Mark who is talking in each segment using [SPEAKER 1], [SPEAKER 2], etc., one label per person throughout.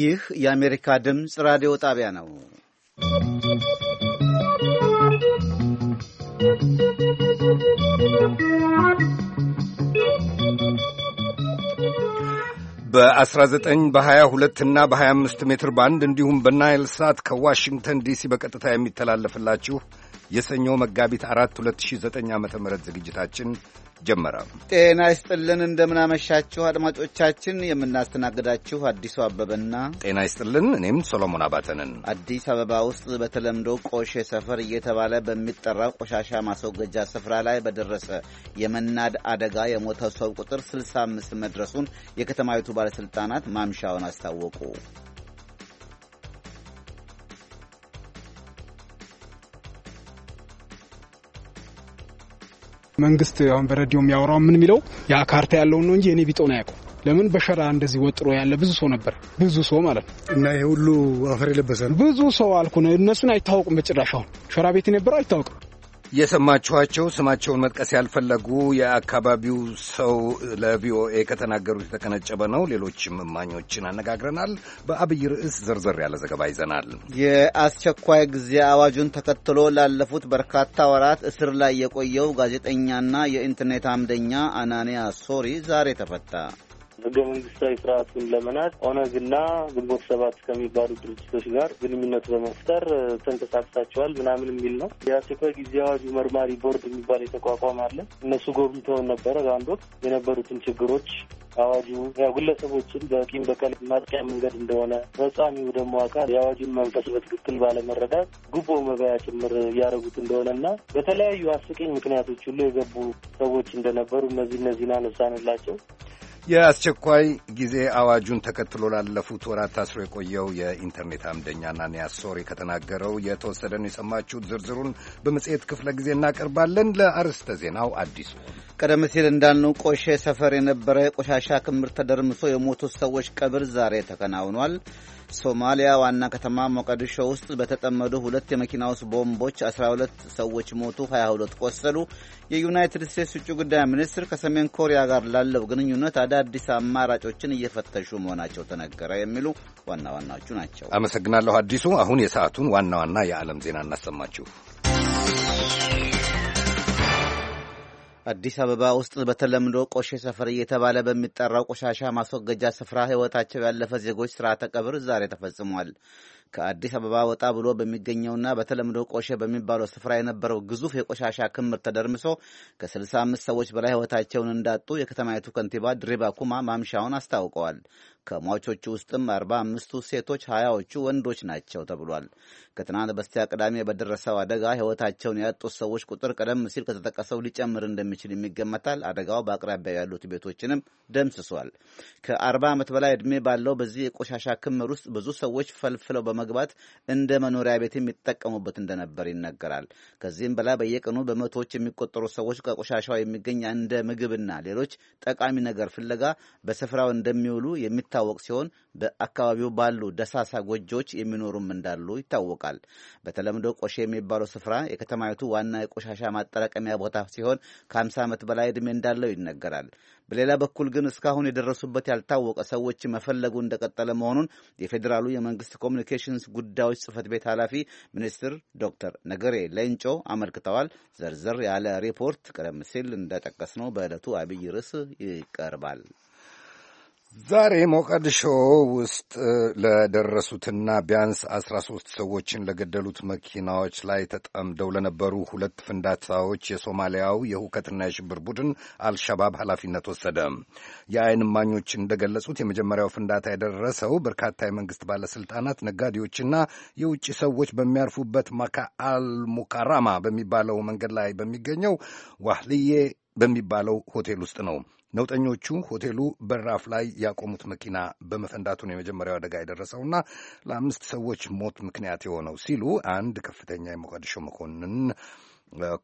[SPEAKER 1] ይህ የአሜሪካ ድምፅ ራዲዮ ጣቢያ ነው።
[SPEAKER 2] በ19 በ22 እና በ25 ሜትር ባንድ እንዲሁም በናይል ሳት ከዋሽንግተን ዲሲ በቀጥታ የሚተላለፍላችሁ የሰኞ መጋቢት 4 2009 ዓ ም ዝግጅታችን ጀመረ።
[SPEAKER 1] ጤና ይስጥልን፣ እንደምናመሻችሁ አድማጮቻችን። የምናስተናግዳችሁ አዲሱ አበበና
[SPEAKER 2] ጤና ይስጥልን፣ እኔም ሶሎሞን አባተንን።
[SPEAKER 1] አዲስ አበባ ውስጥ በተለምዶ ቆሼ ሰፈር እየተባለ በሚጠራው ቆሻሻ ማስወገጃ ስፍራ ላይ በደረሰ የመናድ አደጋ የሞተው ሰው ቁጥር 65 መድረሱን የከተማይቱ ባለሥልጣናት ማምሻውን አስታወቁ።
[SPEAKER 3] መንግስት አሁን በሬዲዮ የሚያወራው ምን የሚለው ያ ካርታ ያለውን ነው እንጂ እኔ ቢጦን አያውቁም። ለምን በሸራ እንደዚህ ወጥሮ ያለ ብዙ ሰው ነበር፣ ብዙ ሰው ማለት ነው። እና ይሄ ሁሉ አፈር የለበሰ ነው። ብዙ ሰው አልኩ። እነሱን አይታወቁም በጭራሽ። አሁን ሸራ ቤት የነበረው አይታወቅም።
[SPEAKER 2] የሰማችኋቸው ስማቸውን መጥቀስ ያልፈለጉ የአካባቢው ሰው ለቪኦኤ ከተናገሩት የተቀነጨበ ነው። ሌሎችም እማኞችን አነጋግረናል። በአብይ ርዕስ ዘርዘር ያለ ዘገባ ይዘናል።
[SPEAKER 1] የአስቸኳይ ጊዜ አዋጁን ተከትሎ ላለፉት በርካታ ወራት እስር ላይ የቆየው ጋዜጠኛና የኢንተርኔት አምደኛ አናንያ ሶሪ ዛሬ ተፈታ።
[SPEAKER 4] ህገ መንግስታዊ ስርዓቱን ለመናድ ኦነግና ግንቦት ሰባት ከሚባሉ ድርጅቶች ጋር ግንኙነት በመፍጠር ተንቀሳቅሳቸዋል ምናምን የሚል ነው። የአስቸኳይ ጊዜ አዋጁ መርማሪ ቦርድ የሚባል የተቋቋመ አለ። እነሱ ጎብኝተውን ነበረ። በአንድ ወቅት የነበሩትን ችግሮች አዋጁ ግለሰቦችን በቂም በቀል ማጥቂያ መንገድ እንደሆነ ፈጻሚው ደግሞ አካል የአዋጁን መንፈስ በትክክል ባለመረዳት ጉቦ መበያ ጭምር እያደረጉት እንደሆነና በተለያዩ አስቂኝ ምክንያቶች ሁሉ የገቡ ሰዎች እንደነበሩ እነዚህ እነዚህን አነሳንላቸው።
[SPEAKER 2] የአስቸኳይ ጊዜ አዋጁን ተከትሎ ላለፉት ወራት ታስሮ የቆየው የኢንተርኔት አምደኛና ኒያሶሪ ከተናገረው የተወሰደ ነው የሰማችሁት። ዝርዝሩን በመጽሔት ክፍለ ጊዜ እናቀርባለን። ለአርዕስተ ዜናው አዲሱ ቀደም ሲል
[SPEAKER 1] እንዳልነው ቆሼ ሰፈር የነበረ የቆሻሻ ክምር ተደርምሶ የሞቱት ሰዎች ቀብር ዛሬ ተከናውኗል። ሶማሊያ ዋና ከተማ ሞቃዲሾ ውስጥ በተጠመዱ ሁለት የመኪና ውስጥ ቦምቦች 12 ሰዎች ሞቱ፣ 22 ቆሰሉ። የዩናይትድ ስቴትስ ውጭ ጉዳይ ሚኒስትር ከሰሜን ኮሪያ ጋር ላለው ግንኙነት አዳዲስ አማራጮችን እየፈተሹ መሆናቸው ተነገረ። የሚሉ ዋና ዋናዎቹ ናቸው።
[SPEAKER 2] አመሰግናለሁ አዲሱ። አሁን የሰዓቱን ዋና ዋና የዓለም ዜና እናሰማችሁ። አዲስ አበባ ውስጥ
[SPEAKER 1] በተለምዶ ቆሼ ሰፈር እየተባለ በሚጠራው ቆሻሻ ማስወገጃ ስፍራ ሕይወታቸው ያለፈ ዜጎች ስርዓተ ቀብር ዛሬ ተፈጽሟል። ከአዲስ አበባ ወጣ ብሎ በሚገኘውና በተለምዶ ቆሼ በሚባለው ስፍራ የነበረው ግዙፍ የቆሻሻ ክምር ተደርምሶ ከ65 ሰዎች በላይ ሕይወታቸውን እንዳጡ የከተማይቱ ከንቲባ ድሪባ ኩማ ማምሻውን አስታውቀዋል። ከሟቾቹ ውስጥም አርባ አምስቱ ሴቶች፣ ሀያዎቹ ወንዶች ናቸው ተብሏል። ከትናንት በስቲያ ቅዳሜ በደረሰው አደጋ ሕይወታቸውን ያጡት ሰዎች ቁጥር ቀደም ሲል ከተጠቀሰው ሊጨምር እንደሚችል ይገመታል። አደጋው በአቅራቢያው ያሉት ቤቶችንም ደምስሷል። ከ40 ዓመት በላይ ዕድሜ ባለው በዚህ የቆሻሻ ክምር ውስጥ ብዙ ሰዎች ፈልፍለው በመ ለመግባት እንደ መኖሪያ ቤት የሚጠቀሙበት እንደነበር ይነገራል። ከዚህም በላይ በየቀኑ በመቶዎች የሚቆጠሩ ሰዎች ከቆሻሻው የሚገኝ እንደ ምግብና ሌሎች ጠቃሚ ነገር ፍለጋ በስፍራው እንደሚውሉ የሚታወቅ ሲሆን በአካባቢው ባሉ ደሳሳ ጎጆዎች የሚኖሩም እንዳሉ ይታወቃል። በተለምዶ ቆሼ የሚባለው ስፍራ የከተማይቱ ዋና የቆሻሻ ማጠራቀሚያ ቦታ ሲሆን ከ50 ዓመት በላይ ዕድሜ እንዳለው ይነገራል። በሌላ በኩል ግን እስካሁን የደረሱበት ያልታወቀ ሰዎች መፈለጉ እንደቀጠለ መሆኑን የፌዴራሉ የመንግስት ኮሚኒኬሽን ኮሚኒኬሽንስ ጉዳዮች ጽህፈት ቤት ኃላፊ ሚኒስትር ዶክተር ነገሬ ሌንጮ አመልክተዋል። ዘርዘር ያለ ሪፖርት ቀደም ሲል እንደጠቀስነው በዕለቱ አብይ ርዕስ ይቀርባል።
[SPEAKER 2] ዛሬ ሞቃዲሾ ውስጥ ለደረሱትና ቢያንስ አስራ ሶስት ሰዎችን ለገደሉት መኪናዎች ላይ ተጠምደው ለነበሩ ሁለት ፍንዳታዎች የሶማሊያው የሁከትና የሽብር ቡድን አልሸባብ ኃላፊነት ወሰደ። የአይን እማኞች እንደገለጹት የመጀመሪያው ፍንዳታ የደረሰው በርካታ የመንግስት ባለስልጣናት፣ ነጋዴዎችና የውጭ ሰዎች በሚያርፉበት ማካ አልሙካራማ በሚባለው መንገድ ላይ በሚገኘው ዋህልዬ በሚባለው ሆቴል ውስጥ ነው። ነውጠኞቹ ሆቴሉ በራፍ ላይ ያቆሙት መኪና ነው የመጀመሪያው አደጋ የደረሰውና ለአምስት ሰዎች ሞት ምክንያት የሆነው ሲሉ አንድ ከፍተኛ የሞቃዲሾ መኮንን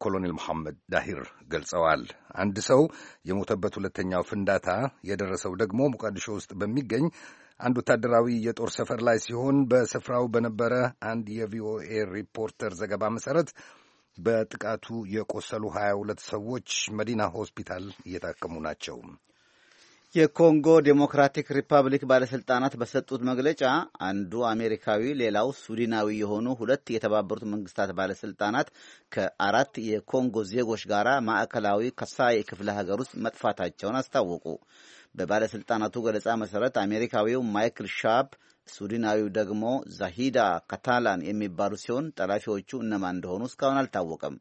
[SPEAKER 2] ኮሎኔል መሐመድ ዳሂር ገልጸዋል። አንድ ሰው የሞተበት ሁለተኛው ፍንዳታ የደረሰው ደግሞ ሞቃዲሾ ውስጥ በሚገኝ አንድ ወታደራዊ የጦር ሰፈር ላይ ሲሆን በስፍራው በነበረ አንድ የቪኦኤ ሪፖርተር ዘገባ መሰረት በጥቃቱ የቆሰሉ 22 ሰዎች መዲና ሆስፒታል እየታከሙ ናቸው። የኮንጎ ዴሞክራቲክ ሪፐብሊክ ባለሥልጣናት በሰጡት
[SPEAKER 1] መግለጫ አንዱ አሜሪካዊ ሌላው ሱዲናዊ የሆኑ ሁለት የተባበሩት መንግስታት ባለሥልጣናት ከአራት የኮንጎ ዜጎች ጋር ማዕከላዊ ከሳይ ክፍለ ሀገር ውስጥ መጥፋታቸውን አስታወቁ። በባለሥልጣናቱ ገለጻ መሠረት አሜሪካዊው ማይክል ሻፕ ሱዲናዊው ደግሞ ዛሂዳ ካታላን የሚባሉ ሲሆን ጠላፊዎቹ እነማን እንደሆኑ እስካሁን አልታወቀም።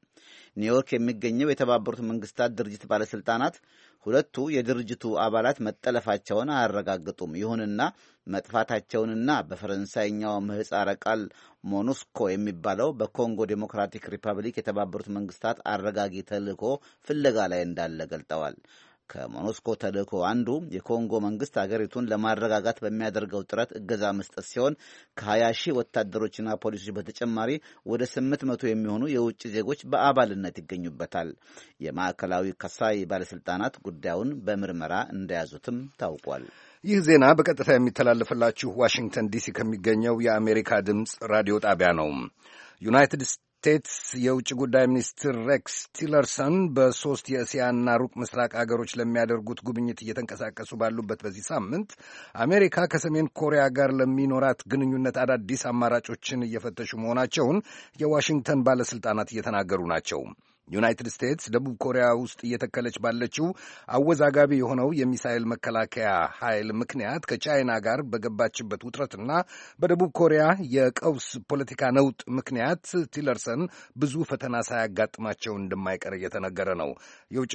[SPEAKER 1] ኒውዮርክ የሚገኘው የተባበሩት መንግስታት ድርጅት ባለሥልጣናት ሁለቱ የድርጅቱ አባላት መጠለፋቸውን አያረጋግጡም። ይሁንና መጥፋታቸውንና በፈረንሳይኛው ምህጻረ ቃል ሞኑስኮ የሚባለው በኮንጎ ዴሞክራቲክ ሪፐብሊክ የተባበሩት መንግስታት አረጋጊ ተልእኮ ፍለጋ ላይ እንዳለ ገልጠዋል። ከሞኖስኮ ተልእኮ አንዱ የኮንጎ መንግስት ሀገሪቱን ለማረጋጋት በሚያደርገው ጥረት እገዛ መስጠት ሲሆን ከ20 ሺህ ወታደሮችና ፖሊሶች በተጨማሪ ወደ 800 የሚሆኑ የውጭ ዜጎች በአባልነት ይገኙበታል። የማዕከላዊ ከሳይ ባለስልጣናት ጉዳዩን
[SPEAKER 2] በምርመራ እንደያዙትም ታውቋል። ይህ ዜና በቀጥታ የሚተላለፍላችሁ ዋሽንግተን ዲሲ ከሚገኘው የአሜሪካ ድምፅ ራዲዮ ጣቢያ ነው። ዩናይትድ ስቴትስ የውጭ ጉዳይ ሚኒስትር ሬክስ ቲለርሰን በሦስት የእስያና ሩቅ ምስራቅ አገሮች ለሚያደርጉት ጉብኝት እየተንቀሳቀሱ ባሉበት በዚህ ሳምንት አሜሪካ ከሰሜን ኮሪያ ጋር ለሚኖራት ግንኙነት አዳዲስ አማራጮችን እየፈተሹ መሆናቸውን የዋሽንግተን ባለሥልጣናት እየተናገሩ ናቸው። ዩናይትድ ስቴትስ ደቡብ ኮሪያ ውስጥ እየተከለች ባለችው አወዛጋቢ የሆነው የሚሳይል መከላከያ ኃይል ምክንያት ከቻይና ጋር በገባችበት ውጥረትና በደቡብ ኮሪያ የቀውስ ፖለቲካ ነውጥ ምክንያት ቲለርሰን ብዙ ፈተና ሳያጋጥማቸው እንደማይቀር እየተነገረ ነው። የውጭ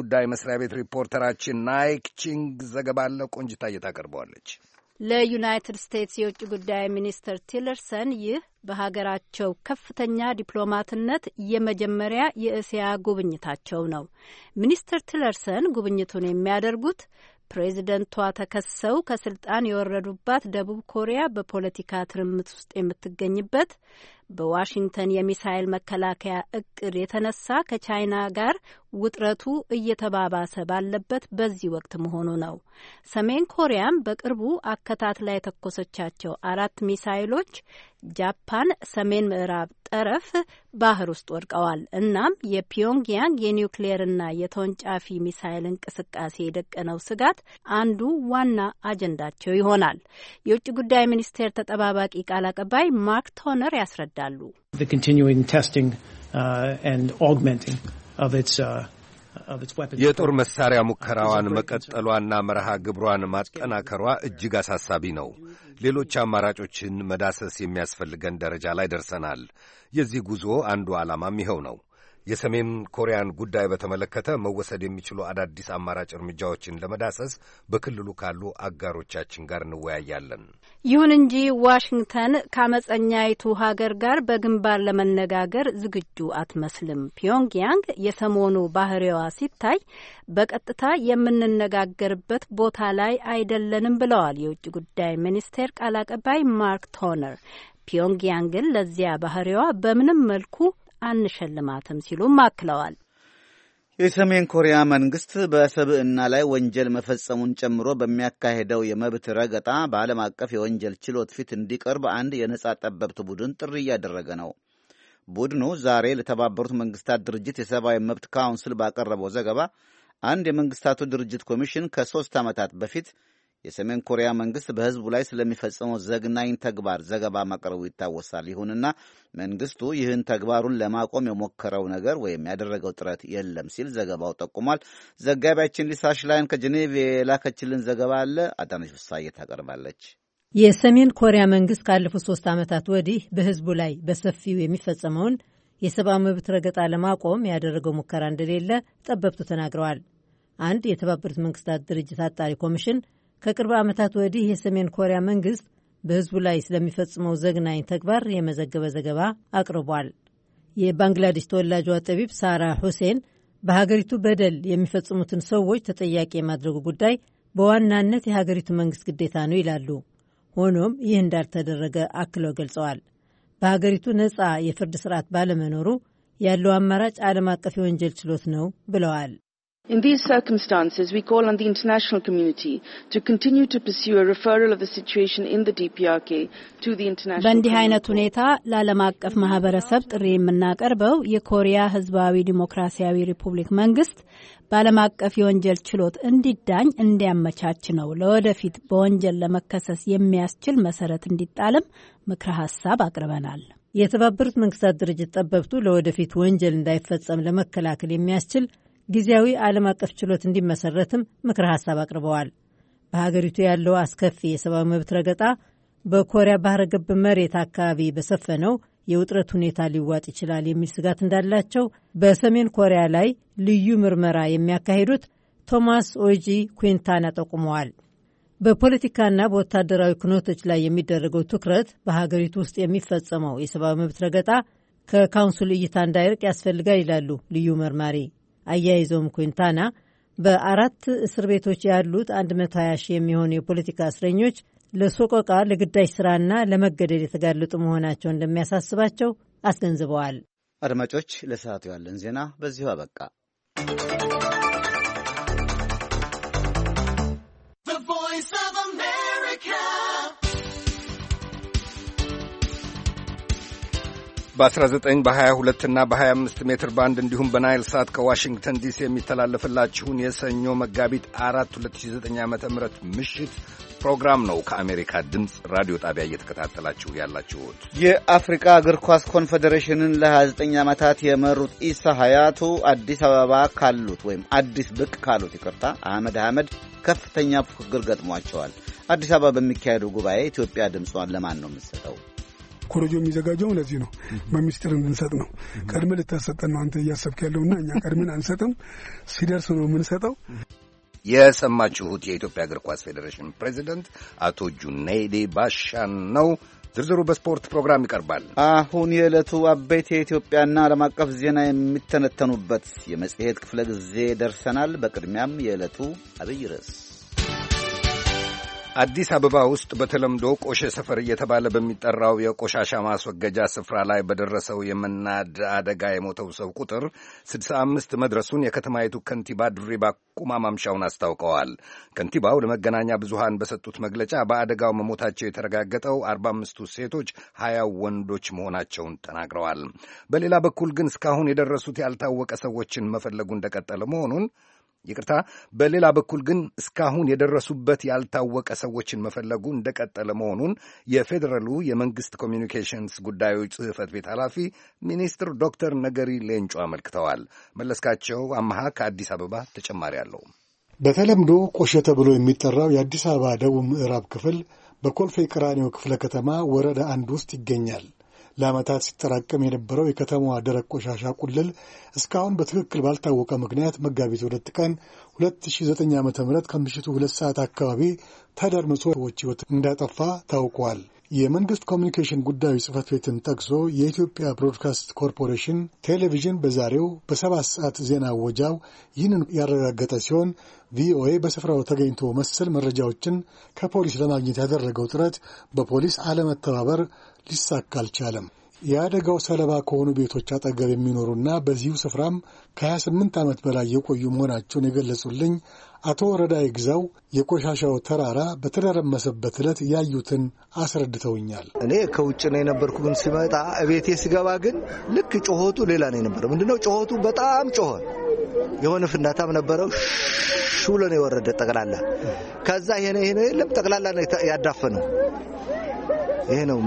[SPEAKER 2] ጉዳይ መስሪያ ቤት ሪፖርተራችን ናይክ ቺንግ ዘገባ አለ። ቆንጅታ እየታቀርበዋለች።
[SPEAKER 5] ለዩናይትድ ስቴትስ የውጭ ጉዳይ ሚኒስትር ቲለርሰን ይህ በሀገራቸው ከፍተኛ ዲፕሎማትነት የመጀመሪያ የእስያ ጉብኝታቸው ነው። ሚኒስትር ቲለርሰን ጉብኝቱን የሚያደርጉት ፕሬዚደንቷ ተከሰው ከስልጣን የወረዱባት ደቡብ ኮሪያ በፖለቲካ ትርምት ውስጥ የምትገኝበት በዋሽንግተን የሚሳይል መከላከያ እቅድ የተነሳ ከቻይና ጋር ውጥረቱ እየተባባሰ ባለበት በዚህ ወቅት መሆኑ ነው። ሰሜን ኮሪያም በቅርቡ አከታትላ የተኮሰቻቸው አራት ሚሳይሎች ጃፓን ሰሜን ምዕራብ ጠረፍ ባህር ውስጥ ወድቀዋል። እናም የፒዮንግያንግ የኒውክሌርና የተወንጫፊ ሚሳይል እንቅስቃሴ የደቀነው ስጋት አንዱ ዋና አጀንዳቸው ይሆናል። የውጭ ጉዳይ ሚኒስቴር ተጠባባቂ ቃል አቀባይ ማርክ ቶነር ያስረዳሉ።
[SPEAKER 3] የጦር
[SPEAKER 2] መሳሪያ ሙከራዋን መቀጠሏና መርሃ ግብሯን ማጠናከሯ እጅግ አሳሳቢ ነው። ሌሎች አማራጮችን መዳሰስ የሚያስፈልገን ደረጃ ላይ ደርሰናል። የዚህ ጉዞ አንዱ ዓላማም ይኸው ነው። የሰሜን ኮሪያን ጉዳይ በተመለከተ መወሰድ የሚችሉ አዳዲስ አማራጭ እርምጃዎችን ለመዳሰስ በክልሉ ካሉ አጋሮቻችን ጋር እንወያያለን።
[SPEAKER 5] ይሁን እንጂ ዋሽንግተን ከአመፀኛይቱ ሀገር ጋር በግንባር ለመነጋገር ዝግጁ አትመስልም። ፒዮንግያንግ የሰሞኑ ባህሪዋ ሲታይ በቀጥታ የምንነጋገርበት ቦታ ላይ አይደለንም ብለዋል የውጭ ጉዳይ ሚኒስቴር ቃል አቀባይ ማርክ ቶነር። ፒዮንግያንግን ለዚያ ባህሪዋ በምንም መልኩ አንሸልማትም ሲሉም አክለዋል።
[SPEAKER 1] የሰሜን ኮሪያ መንግስት በሰብዕና ላይ ወንጀል መፈጸሙን ጨምሮ በሚያካሄደው የመብት ረገጣ በዓለም አቀፍ የወንጀል ችሎት ፊት እንዲቀርብ አንድ የነጻ ጠበብት ቡድን ጥሪ እያደረገ ነው። ቡድኑ ዛሬ ለተባበሩት መንግስታት ድርጅት የሰብአዊ መብት ካውንስል ባቀረበው ዘገባ አንድ የመንግስታቱ ድርጅት ኮሚሽን ከሦስት ዓመታት በፊት የሰሜን ኮሪያ መንግስት በህዝቡ ላይ ስለሚፈጽመው ዘግናኝ ተግባር ዘገባ ማቅረቡ ይታወሳል። ይሁንና መንግስቱ ይህን ተግባሩን ለማቆም የሞከረው ነገር ወይም ያደረገው ጥረት የለም ሲል ዘገባው ጠቁሟል። ዘጋቢያችን ሊሳሽ ላይን ከጄኔቭ የላከችልን ዘገባ አለ። አዳነች ፍሳዬ ታቀርባለች።
[SPEAKER 6] የሰሜን ኮሪያ መንግስት ካለፉት ሶስት ዓመታት ወዲህ በህዝቡ ላይ በሰፊው የሚፈጸመውን የሰብአዊ መብት ረገጣ ለማቆም ያደረገው ሙከራ እንደሌለ ጠበብቱ ተናግረዋል። አንድ የተባበሩት መንግስታት ድርጅት አጣሪ ኮሚሽን ከቅርብ ዓመታት ወዲህ የሰሜን ኮሪያ መንግስት በሕዝቡ ላይ ስለሚፈጽመው ዘግናኝ ተግባር የመዘገበ ዘገባ አቅርቧል። የባንግላዴሽ ተወላጇ ጠቢብ ሳራ ሁሴን በሀገሪቱ በደል የሚፈጽሙትን ሰዎች ተጠያቂ የማድረጉ ጉዳይ በዋናነት የሀገሪቱ መንግስት ግዴታ ነው ይላሉ። ሆኖም ይህ እንዳልተደረገ አክለው ገልጸዋል። በሀገሪቱ ነፃ የፍርድ ስርዓት ባለመኖሩ ያለው አማራጭ ዓለም አቀፍ የወንጀል ችሎት ነው ብለዋል።
[SPEAKER 7] In these circumstances, we call on the international community to continue to pursue a referral of the situation in the DPRK to the international በእንዲህ አይነት
[SPEAKER 5] ሁኔታ ለዓለም አቀፍ ማህበረሰብ ጥሪ የምናቀርበው የኮሪያ ህዝባዊ ዲሞክራሲያዊ ሪፑብሊክ መንግስት በዓለም አቀፍ የወንጀል ችሎት እንዲዳኝ እንዲያመቻች ነው። ለወደፊት በወንጀል ለመከሰስ የሚያስችል መሰረት እንዲጣልም ምክረ ሀሳብ አቅርበናል። የተባበሩት መንግስታት ድርጅት ጠበብቱ
[SPEAKER 6] ለወደፊት ወንጀል እንዳይፈጸም ለመከላከል የሚያስችል ጊዜያዊ ዓለም አቀፍ ችሎት እንዲመሰረትም ምክረ ሀሳብ አቅርበዋል። በሀገሪቱ ያለው አስከፊ የሰብአዊ መብት ረገጣ በኮሪያ ባህረ ገብ መሬት አካባቢ በሰፈነው የውጥረት ሁኔታ ሊዋጥ ይችላል የሚል ስጋት እንዳላቸው በሰሜን ኮሪያ ላይ ልዩ ምርመራ የሚያካሂዱት ቶማስ ኦጂ ኩንታና ጠቁመዋል። በፖለቲካና በወታደራዊ ክኖቶች ላይ የሚደረገው ትኩረት በሀገሪቱ ውስጥ የሚፈጸመው የሰብአዊ መብት ረገጣ ከካውንስሉ እይታ እንዳይርቅ ያስፈልጋል ይላሉ ልዩ መርማሪ አያይዘውም ኩንታና በአራት እስር ቤቶች ያሉት 120 ሺህ የሚሆኑ የፖለቲካ እስረኞች ለሶቆቃ ለግዳጅ ስራና ለመገደል የተጋለጡ መሆናቸው እንደሚያሳስባቸው አስገንዝበዋል።
[SPEAKER 1] አድማጮች፣ ለሰዓቱ ያለን ዜና በዚሁ አበቃ።
[SPEAKER 2] በ19 በ22 እና በ25 ሜትር ባንድ እንዲሁም በናይል ሳት ከዋሽንግተን ዲሲ የሚተላለፍላችሁን የሰኞ መጋቢት 4 2009 ዓ ም ምሽት ፕሮግራም ነው ከአሜሪካ ድምፅ ራዲዮ ጣቢያ እየተከታተላችሁ ያላችሁት። የአፍሪካ እግር ኳስ ኮንፌዴሬሽንን ለ29
[SPEAKER 1] ዓመታት የመሩት ኢሳ ሀያቱ አዲስ አበባ ካሉት ወይም አዲስ ብቅ ካሉት ይቅርታ አህመድ አህመድ ከፍተኛ ፉክክር ገጥሟቸዋል። አዲስ አበባ በሚካሄዱ ጉባኤ ኢትዮጵያ ድምጿን ለማን ነው የምትሰጠው?
[SPEAKER 3] ኮረጆ የሚዘጋጀው ለዚህ ነው፣ በሚስጥር እንድንሰጥ ነው። ቀድመ ልታሰጠን ነው አንተ እያሰብክ ያለውና እኛ ቀድመን አንሰጥም፣ ሲደርስ ነው የምንሰጠው።
[SPEAKER 2] የሰማችሁት የኢትዮጵያ እግር ኳስ ፌዴሬሽን ፕሬዚደንት አቶ ጁኔይዴ ባሻን ነው። ዝርዝሩ በስፖርት ፕሮግራም ይቀርባል። አሁን የዕለቱ አበይት የኢትዮጵያና
[SPEAKER 1] ዓለም አቀፍ ዜና የሚተነተኑበት የመጽሔት ክፍለ ጊዜ ደርሰናል። በቅድሚያም የዕለቱ
[SPEAKER 2] አብይ ርዕስ አዲስ አበባ ውስጥ በተለምዶ ቆሼ ሰፈር እየተባለ በሚጠራው የቆሻሻ ማስወገጃ ስፍራ ላይ በደረሰው የመናድ አደጋ የሞተው ሰው ቁጥር 65 መድረሱን የከተማይቱ ከንቲባ ድሪባ ቁማ ማምሻውን አስታውቀዋል። ከንቲባው ለመገናኛ ብዙሃን በሰጡት መግለጫ በአደጋው መሞታቸው የተረጋገጠው 45ቱ ሴቶች፣ ሀያው ወንዶች መሆናቸውን ተናግረዋል። በሌላ በኩል ግን እስካሁን የደረሱት ያልታወቀ ሰዎችን መፈለጉ እንደቀጠለ መሆኑን ይቅርታ። በሌላ በኩል ግን እስካሁን የደረሱበት ያልታወቀ ሰዎችን መፈለጉ እንደቀጠለ መሆኑን የፌዴራሉ የመንግስት ኮሚኒኬሽንስ ጉዳዮች ጽህፈት ቤት ኃላፊ ሚኒስትር ዶክተር ነገሪ ሌንጮ አመልክተዋል። መለስካቸው አመሃ ከአዲስ አበባ ተጨማሪ አለው።
[SPEAKER 8] በተለምዶ ቆሸ ተብሎ የሚጠራው የአዲስ አበባ ደቡብ ምዕራብ ክፍል በኮልፌ ቀራኒዮ ክፍለ ከተማ ወረዳ አንድ ውስጥ ይገኛል። ለዓመታት ሲጠራቀም የነበረው የከተማዋ ደረቅ ቆሻሻ ቁልል እስካሁን በትክክል ባልታወቀ ምክንያት መጋቢት ሁለት ቀን 2009 ዓ.ም ከምሽቱ ሁለት ሰዓት አካባቢ ተደርምሶ ሰዎች ሕይወት እንዳጠፋ ታውቋል። የመንግስት ኮሚኒኬሽን ጉዳዮች ጽህፈት ቤትን ጠቅሶ የኢትዮጵያ ብሮድካስት ኮርፖሬሽን ቴሌቪዥን በዛሬው በሰባት ሰዓት ዜና ወጃው ይህንን ያረጋገጠ ሲሆን ቪኦኤ በስፍራው ተገኝቶ መሰል መረጃዎችን ከፖሊስ ለማግኘት ያደረገው ጥረት በፖሊስ አለመተባበር ሊሳካ አልቻለም። የአደጋው ሰለባ ከሆኑ ቤቶች አጠገብ የሚኖሩና በዚሁ ስፍራም ከ28 ዓመት በላይ የቆዩ መሆናቸውን የገለጹልኝ አቶ ወረዳ ይግዛው የቆሻሻው ተራራ በተደረመሰበት ዕለት ያዩትን
[SPEAKER 9] አስረድተውኛል። እኔ ከውጭ ነው የነበርኩ፣ ግን ሲመጣ እቤቴ ሲገባ ግን ልክ ጮኸቱ ሌላ ነው የነበረው። ምንድነው ጮኸቱ? በጣም ጮኸ። የሆነ ፍንዳታም ነበረው ሹሎ ነው የወረደ ጠቅላላ። ከዛ ይሄ የለም ጠቅላላ ነው ያዳፈነው ይሄ ነው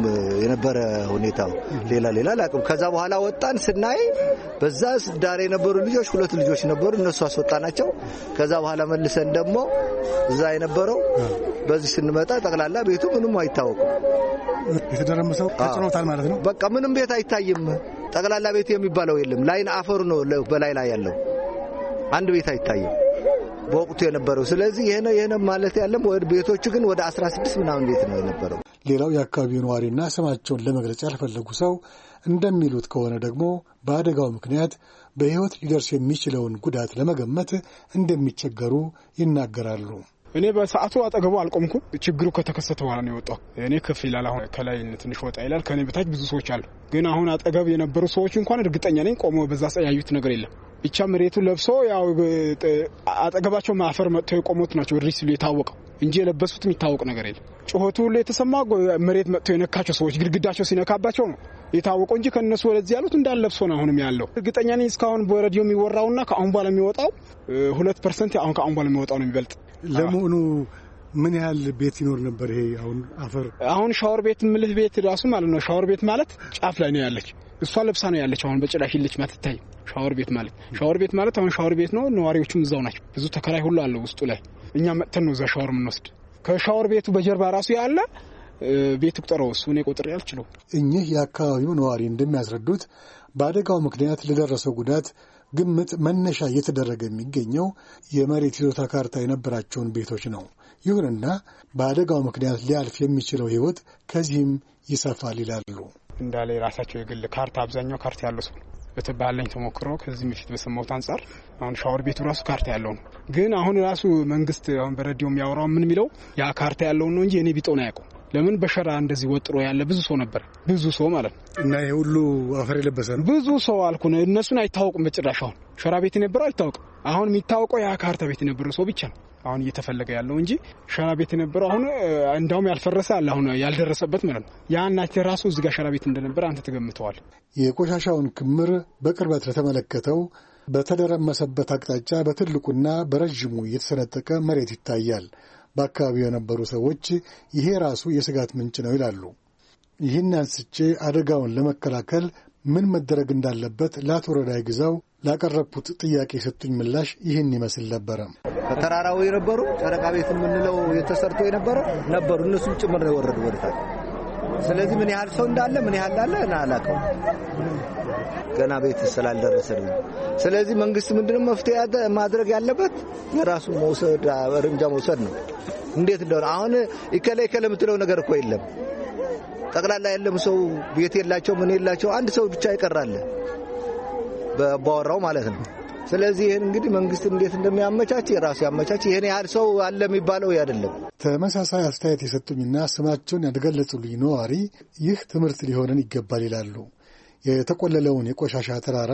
[SPEAKER 9] የነበረ ሁኔታው። ሌላ ሌላ አላውቅም። ከዛ በኋላ ወጣን ስናይ በዛ ዳር የነበሩ ልጆች ሁለት ልጆች ነበሩ፣ እነሱ አስወጣናቸው። ከዛ በኋላ መልሰን ደግሞ እዛ የነበረው በዚህ ስንመጣ ጠቅላላ ቤቱ ምንም አይታወቅም። የተደረመሰው ተጭኖታል ማለት ነው። በቃ ምንም ቤት አይታይም። ጠቅላላ ቤት የሚባለው የለም። ላይን አፈሩ ነው በላይ ላይ ያለው አንድ ቤት አይታይም። በወቅቱ የነበረው። ስለዚህ ይህነ ይህነ ማለት ያለም ቤቶቹ ግን ወደ 16 ምናምን ቤት ነው የነበረው።
[SPEAKER 8] ሌላው የአካባቢው ነዋሪና ስማቸውን ለመግለጽ ያልፈለጉ ሰው እንደሚሉት ከሆነ ደግሞ በአደጋው ምክንያት በሕይወት ሊደርስ የሚችለውን ጉዳት ለመገመት እንደሚቸገሩ
[SPEAKER 3] ይናገራሉ። እኔ በሰዓቱ አጠገቡ አልቆምኩም። ችግሩ ከተከሰተ በኋላ ነው የወጣው። እኔ ከፍ ይላል። አሁን ከላይ ትንሽ ወጣ ይላል። ከእኔ በታች ብዙ ሰዎች አሉ። ግን አሁን አጠገብ የነበሩ ሰዎች እንኳን እርግጠኛ ነኝ ቆመው በዛ ያዩት ነገር የለም። ብቻ መሬቱ ለብሶ ያው አጠገባቸው ማፈር መጥቶ የቆሙት ናቸው ሪስ ብሎ የታወቀው እንጂ የለበሱት የሚታወቅ ነገር የለም። ጩኸቱ ሁሉ የተሰማ መሬት መጥቶ የነካቸው ሰዎች ግድግዳቸው ሲነካባቸው ነው የታወቀው እንጂ ከእነሱ ወደዚህ ያሉት እንዳለብሶ ነው አሁንም ያለው። እርግጠኛ ነኝ እስካሁን በረዲዮ የሚወራውና ከአሁን በኋላ የሚወጣው ሁለት ፐርሰንት አሁን ከአሁን በኋላ የሚወጣው ነው የሚበልጥ። ለመሆኑ ምን ያህል ቤት ይኖር ነበር? ይሄ አሁን አፈር አሁን ሻወር ቤት ምልህ ቤት ራሱ ማለት ነው። ሻወር ቤት ማለት ጫፍ ላይ ነው ያለች እሷ ለብሳ ነው ያለች። አሁን በጭራሽ ልጅ ማትታይ ሻወር ቤት ማለት ሻወር ቤት ማለት አሁን ሻወር ቤት ነው። ነዋሪዎቹም እዛው ናቸው። ብዙ ተከራይ ሁሉ አለው ውስጡ ላይ። እኛ መጥተን ነው እዛ ሻወር የምንወስድ። ከሻወር ቤቱ በጀርባ ራሱ ያለ ቤት ቁጠረው። እሱ እኔ ቁጥር ያልችለው። እኚህ የአካባቢው ነዋሪ እንደሚያስረዱት በአደጋው
[SPEAKER 8] ምክንያት ለደረሰው ጉዳት ግምት መነሻ እየተደረገ የሚገኘው የመሬት ይዞታ ካርታ የነበራቸውን ቤቶች ነው። ይሁንና በአደጋው ምክንያት ሊያልፍ የሚችለው ሕይወት ከዚህም ይሰፋል ይላሉ።
[SPEAKER 3] እንዳለ የራሳቸው የግል ካርታ አብዛኛው ካርታ ያለው ሰው ባለኝ ተሞክሮ ከዚህ በፊት በሰማሁት አንጻር አሁን ሻወር ቤቱ ራሱ ካርታ ያለው ነው። ግን አሁን ራሱ መንግስት አሁን በረዲዮ የሚያወራው ምን የሚለው ያ ካርታ ያለውን ነው እንጂ እኔ ቢጠውን አያውቁም ለምን በሸራ እንደዚህ ወጥሮ ያለ ብዙ ሰው ነበር፣ ብዙ ሰው ማለት ነው። እና ይሄ ሁሉ አፈር የለበሰ ነው። ብዙ ሰው አልኩ። እነሱን አይታወቁም በጭራሽ። አሁን ሸራ ቤት የነበረው አይታወቅም። አሁን የሚታወቀው ያ ካርታ ቤት የነበረው ሰው ብቻ ነው አሁን እየተፈለገ ያለው እንጂ ሸራ ቤት የነበረው አሁን እንዳውም ያልፈረሰ አለ አሁን ያልደረሰበት ማለት ነው። ያናቸው ራሱ እዚጋ ሸራ ቤት እንደነበረ አንተ ተገምተዋል። የቆሻሻውን ክምር
[SPEAKER 8] በቅርበት ለተመለከተው በተደረመሰበት አቅጣጫ በትልቁና በረዥሙ እየተሰነጠቀ መሬት ይታያል። በአካባቢው የነበሩ ሰዎች ይሄ ራሱ የስጋት ምንጭ ነው ይላሉ። ይህን አንስቼ አደጋውን ለመከላከል ምን መደረግ እንዳለበት ለአቶ ረዳይ ግዛው ላቀረብኩት ጥያቄ የሰጡኝ ምላሽ ይህን ይመስል ነበረ።
[SPEAKER 9] በተራራው የነበሩ ጨረቃ ቤት የምንለው ተሰርቶ የነበረ ነበሩ እነሱም ጭምር ነው የወረዱ ወደታች ስለዚህ ምን ያህል ሰው እንዳለ ምን ያህል እና አላውቀውም፣ ገና ቤት ስላልደረሰ። ስለዚህ መንግስት ምንድነው መፍትሄ ማድረግ ያለበት የራሱ መውሰድ እርምጃ መውሰድ ነው። እንዴት እንደሆነ አሁን ይከለ ይከለ የምትለው ነገር እኮ የለም። ጠቅላላ የለም ሰው ቤት የላቸው ምን የላቸው አንድ ሰው ብቻ ይቀራል፣ በአወራው ማለት ነው። ስለዚህ ይህን እንግዲህ መንግስት እንዴት እንደሚያመቻች የራሱ ያመቻች። ይህን ያህል ሰው አለ የሚባለው አይደለም።
[SPEAKER 8] ተመሳሳይ አስተያየት የሰጡኝና ስማቸውን ያልገለጹልኝ ነዋሪ ይህ ትምህርት ሊሆነን ይገባል ይላሉ። የተቆለለውን የቆሻሻ ተራራ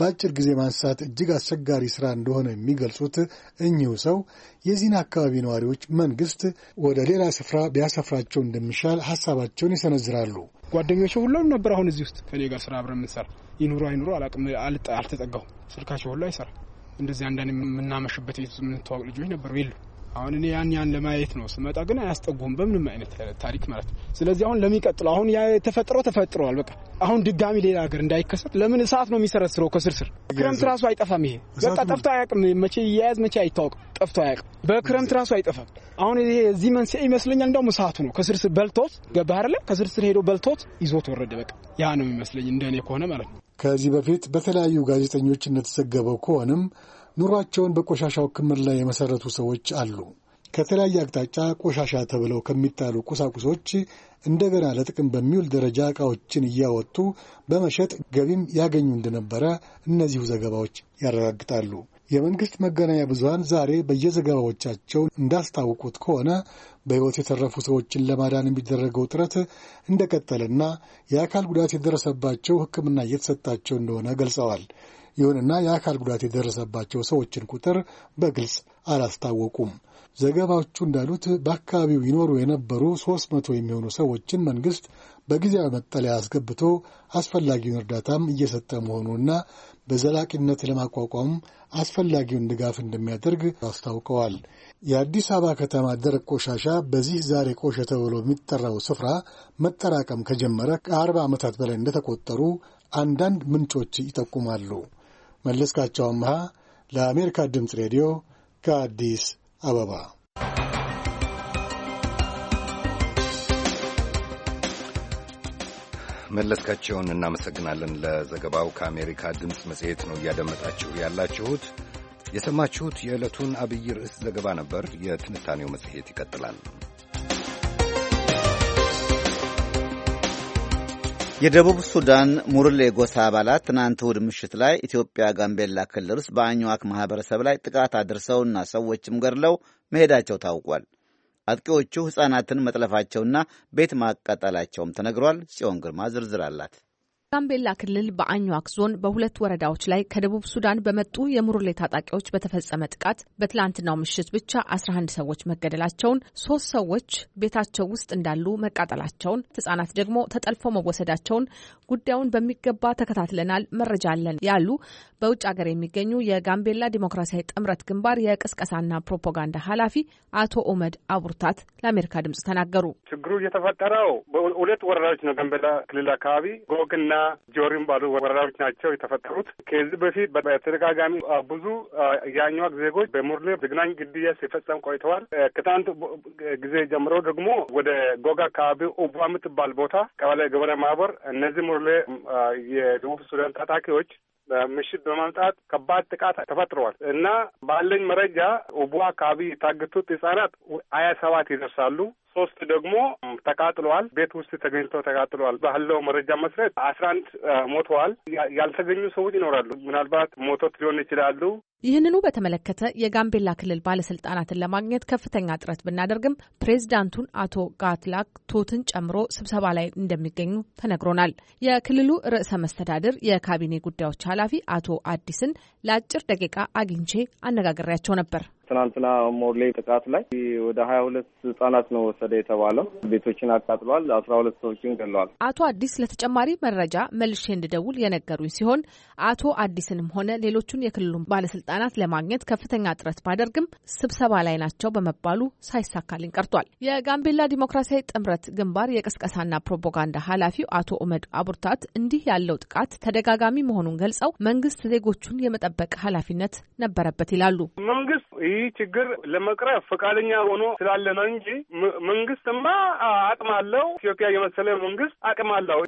[SPEAKER 8] በአጭር ጊዜ ማንሳት እጅግ አስቸጋሪ ስራ እንደሆነ የሚገልጹት እኚሁ ሰው የዚህን አካባቢ ነዋሪዎች መንግስት ወደ ሌላ ስፍራ ቢያሰፍራቸው እንደሚሻል
[SPEAKER 3] ሀሳባቸውን ይሰነዝራሉ። ጓደኞች ሁሉም ነበር አሁን እዚህ ውስጥ ከኔ ጋር ስራ አብረ የምንሰራ ይኑሮ አይኑሮ አላቅም አልተጠጋሁም። ስልካቸው ሁሉ አይሰራ እንደዚህ አንዳንድ የምናመሽበት የምንተዋወቅ ልጆች ነበሩ የሉ አሁን እኔ ያን ያን ለማየት ነው ስመጣ ግን አያስጠጉም በምንም አይነት ታሪክ ማለት ነው። ስለዚህ አሁን ለሚቀጥለው አሁን ተፈጥሮ ተፈጥሯል። በቃ አሁን ድጋሚ ሌላ ሀገር እንዳይከሰት ለምን እሳት ነው የሚሰረስረው ከስርስር? ክረምት ራሱ አይጠፋም። ይሄ በቃ ጠፍቶ አያውቅም። መቼ እያያዝ መቼ አይታወቅም። ጠፍቶ አያውቅም። በክረምት ራሱ አይጠፋም። አሁን ይሄ እዚህ መንስኤ ይመስለኛል። እንዳውም እሳቱ ነው ከስርስር በልቶት ገባህ አይደለ? ከስርስር ሄዶ በልቶት ይዞት ወረደ። በቃ ያ ነው የሚመስለኝ እንደኔ ከሆነ ማለት ነው። ከዚህ በፊት
[SPEAKER 8] በተለያዩ ጋዜጠኞች እንደተዘገበው ከሆንም ኑሯቸውን በቆሻሻው ክምር ላይ የመሰረቱ ሰዎች አሉ። ከተለያየ አቅጣጫ ቆሻሻ ተብለው ከሚጣሉ ቁሳቁሶች እንደገና ለጥቅም በሚውል ደረጃ ዕቃዎችን እያወጡ በመሸጥ ገቢም ያገኙ እንደነበረ እነዚሁ ዘገባዎች ያረጋግጣሉ። የመንግሥት መገናኛ ብዙሃን ዛሬ በየዘገባዎቻቸው እንዳስታወቁት ከሆነ በሕይወት የተረፉ ሰዎችን ለማዳን የሚደረገው ጥረት እንደቀጠለና የአካል ጉዳት የደረሰባቸው ሕክምና እየተሰጣቸው እንደሆነ ገልጸዋል። ይሁንና የአካል ጉዳት የደረሰባቸው ሰዎችን ቁጥር በግልጽ አላስታወቁም። ዘገባዎቹ እንዳሉት በአካባቢው ይኖሩ የነበሩ ሦስት መቶ የሚሆኑ ሰዎችን መንግሥት በጊዜያዊ መጠለያ አስገብቶ አስፈላጊውን እርዳታም እየሰጠ መሆኑና በዘላቂነት ለማቋቋም አስፈላጊውን ድጋፍ እንደሚያደርግ አስታውቀዋል። የአዲስ አበባ ከተማ ደረቅ ቆሻሻ በዚህ ዛሬ ቆሸ ተብሎ የሚጠራው ስፍራ መጠራቀም ከጀመረ ከአርባ ዓመታት በላይ እንደተቆጠሩ አንዳንድ ምንጮች ይጠቁማሉ። መለስካቸው አምሃ ለአሜሪካ ድምፅ ሬዲዮ ከአዲስ አበባ
[SPEAKER 2] መለስካቸውን እናመሰግናለን ለዘገባው። ከአሜሪካ ድምፅ መጽሔት ነው እያደመጣችሁ ያላችሁት። የሰማችሁት የዕለቱን አብይ ርዕስ ዘገባ ነበር። የትንታኔው መጽሔት ይቀጥላል።
[SPEAKER 1] የደቡብ ሱዳን ሙርሌ ጎሳ አባላት ትናንት እሁድ ምሽት ላይ ኢትዮጵያ ጋምቤላ ክልል ውስጥ በአኝዋክ ማህበረሰብ ላይ ጥቃት አድርሰውና ሰዎችም ገድለው መሄዳቸው ታውቋል። አጥቂዎቹ ሕፃናትን መጥለፋቸውና ቤት ማቃጠላቸውም ተነግሯል። ጽዮን ግርማ ዝርዝር አላት።
[SPEAKER 7] ጋምቤላ ክልል በአኟክ ዞን በሁለት ወረዳዎች ላይ ከደቡብ ሱዳን በመጡ የሙርሌ ታጣቂዎች በተፈጸመ ጥቃት በትላንትናው ምሽት ብቻ 11 ሰዎች መገደላቸውን፣ ሶስት ሰዎች ቤታቸው ውስጥ እንዳሉ መቃጠላቸውን፣ ህጻናት ደግሞ ተጠልፈው መወሰዳቸውን ጉዳዩን በሚገባ ተከታትለናል፣ መረጃ አለን ያሉ በውጭ ሀገር የሚገኙ የጋምቤላ ዲሞክራሲያዊ ጥምረት ግንባር የቅስቀሳና ፕሮፓጋንዳ ኃላፊ አቶ ኦመድ አቡርታት ለአሜሪካ ድምጽ ተናገሩ።
[SPEAKER 10] ችግሩ የተፈጠረው በሁለት ወረዳዎች ነው። ጋምቤላ ክልል አካባቢ ጎግና ጆሪም ባሉ ወረዳዎች ናቸው የተፈጠሩት። ከዚህ በፊት በተደጋጋሚ ብዙ የአኝዋክ ዜጎች በሙርሌ ዝግናኝ ግድያ ሲፈጸም ቆይተዋል። ከትናንት ጊዜ ጀምሮ ደግሞ ወደ ጎግ አካባቢ ኡቧ የምትባል ቦታ ቀበሌ ገበሬ ማህበር እነዚህ ላይ የደቡብ ሱዳን ታጣቂዎች ምሽት በማምጣት ከባድ ጥቃት ተፈጥረዋል እና ባለኝ መረጃ ኦቦ አካባቢ የታገቱት ህጻናት ሀያ ሰባት ይደርሳሉ። ሶስት ደግሞ ተቃጥለዋል። ቤት ውስጥ ተገኝተው ተቃጥለዋል። ባለው መረጃ መሰረት አስራ አንድ ሞተዋል። ያልተገኙ ሰዎች ይኖራሉ። ምናልባት ሞቶት ሊሆን ይችላሉ።
[SPEAKER 7] ይህንኑ በተመለከተ የጋምቤላ ክልል ባለስልጣናትን ለማግኘት ከፍተኛ ጥረት ብናደርግም ፕሬዚዳንቱን አቶ ጋትላክ ቶትን ጨምሮ ስብሰባ ላይ እንደሚገኙ ተነግሮናል። የክልሉ ርዕሰ መስተዳድር የካቢኔ ጉዳዮች ኃላፊ አቶ አዲስን ለአጭር ደቂቃ አግኝቼ አነጋግሬያቸው ነበር።
[SPEAKER 4] ትናንትና ሞርሌ ጥቃት ላይ ወደ ሀያ ሁለት ህጻናት ነው ወሰደ የተባለው። ቤቶችን አቃጥሏል። አስራ ሁለት ሰዎችን ገለዋል።
[SPEAKER 7] አቶ አዲስ ለተጨማሪ መረጃ መልሼ እንድደውል የነገሩኝ ሲሆን አቶ አዲስንም ሆነ ሌሎቹን የክልሉን ባለስልጣናት ለማግኘት ከፍተኛ ጥረት ባደርግም ስብሰባ ላይ ናቸው በመባሉ ሳይሳካልኝ ቀርቷል። የጋምቤላ ዲሞክራሲያዊ ጥምረት ግንባር የቅስቀሳና ፕሮፓጋንዳ ኃላፊው አቶ ኡመድ አቡርታት እንዲህ ያለው ጥቃት ተደጋጋሚ መሆኑን ገልጸው መንግስት ዜጎቹን የመጠበቅ ኃላፊነት ነበረበት ይላሉ።
[SPEAKER 10] መንግስት ይህ ይህ ችግር ለመቅረፍ ፈቃደኛ ሆኖ ስላለ ነው እንጂ መንግስትማ አቅም አለው። ኢትዮጵያ የመሰለ መንግስት አቅም አለው፣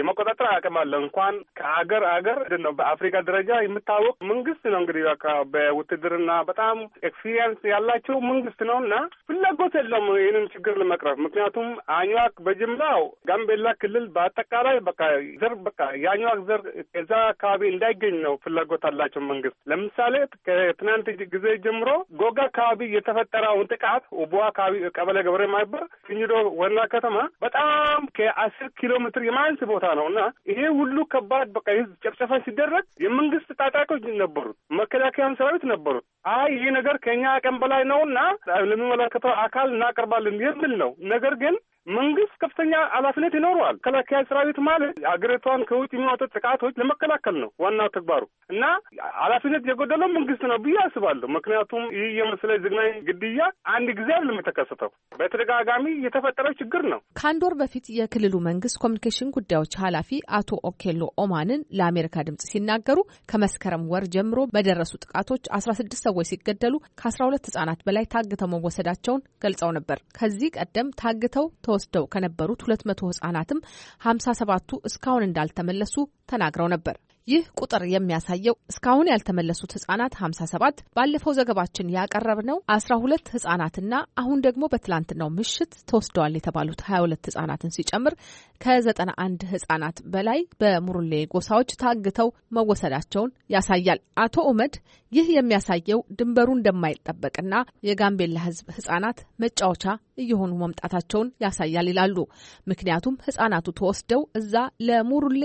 [SPEAKER 10] የመቆጣጠር አቅም አለው። እንኳን ከአገር አገር ነው በአፍሪካ ደረጃ የምታወቅ መንግስት ነው። እንግዲህ በውትድርና በጣም ኤክስፒሪየንስ ያላቸው መንግስት ነው እና ፍላጎት የለውም ይህንን ችግር ለመቅረፍ። ምክንያቱም አኝዋክ በጅምላው ጋምቤላ ክልል በአጠቃላይ በቃ ዘር በቃ የአኝዋክ ዘር ከዛ አካባቢ እንዳይገኝ ነው ፍላጎት አላቸው መንግስት። ለምሳሌ ከትናንት ጊዜ ጀምሮ ጎጋ አካባቢ የተፈጠረውን ጥቃት ቦ አካባቢ ቀበሌ ገብረ ማይበር ፊኝዶ ወና ከተማ በጣም ከአስር ኪሎ ሜትር የማያንስ ቦታ ነው እና ይሄ ሁሉ ከባድ በቃ ህዝብ ጨፍጨፈን ሲደረግ የመንግስት ታጣቂዎች ነበሩት፣ መከላከያም ሰራዊት ነበሩት። አይ ይሄ ነገር ከኛ አቅም በላይ ነው እና ለሚመለከተው አካል እናቀርባለን የሚል ነው ነገር ግን መንግስት ከፍተኛ ኃላፊነት ይኖረዋል። መከላከያ ሰራዊት ማለት አገሪቷን ከውጭ የሚመጡ ጥቃቶች ለመከላከል ነው ዋናው ተግባሩ እና ኃላፊነት የጎደለው መንግስት ነው ብዬ አስባለሁ። ምክንያቱም ይህ የመሰለ ዘግናኝ ግድያ አንድ ጊዜ አይደለም የተከሰተው፣ በተደጋጋሚ የተፈጠረ ችግር ነው።
[SPEAKER 7] ከአንድ ወር በፊት የክልሉ መንግስት ኮሚኒኬሽን ጉዳዮች ኃላፊ አቶ ኦኬሎ ኦማንን ለአሜሪካ ድምጽ ሲናገሩ ከመስከረም ወር ጀምሮ በደረሱ ጥቃቶች አስራ ስድስት ሰዎች ሲገደሉ ከአስራ ሁለት ህጻናት በላይ ታግተው መወሰዳቸውን ገልጸው ነበር። ከዚህ ቀደም ታግተው ተወስደው ከነበሩት ሁለት መቶ ህጻናትም ሀምሳ ሰባቱ እስካሁን እንዳልተመለሱ ተናግረው ነበር። ይህ ቁጥር የሚያሳየው እስካሁን ያልተመለሱት ህጻናት 57፣ ባለፈው ዘገባችን ያቀረብነው 12 ህጻናትና አሁን ደግሞ በትላንትናው ምሽት ተወስደዋል የተባሉት 22 ህጻናትን ሲጨምር ከ91 ህጻናት በላይ በሙሩሌ ጎሳዎች ታግተው መወሰዳቸውን ያሳያል። አቶ ኡመድ ይህ የሚያሳየው ድንበሩ እንደማይጠበቅና የጋምቤላ ህዝብ ህጻናት መጫወቻ እየሆኑ መምጣታቸውን ያሳያል ይላሉ። ምክንያቱም ህጻናቱ ተወስደው እዛ ለሙሩሌ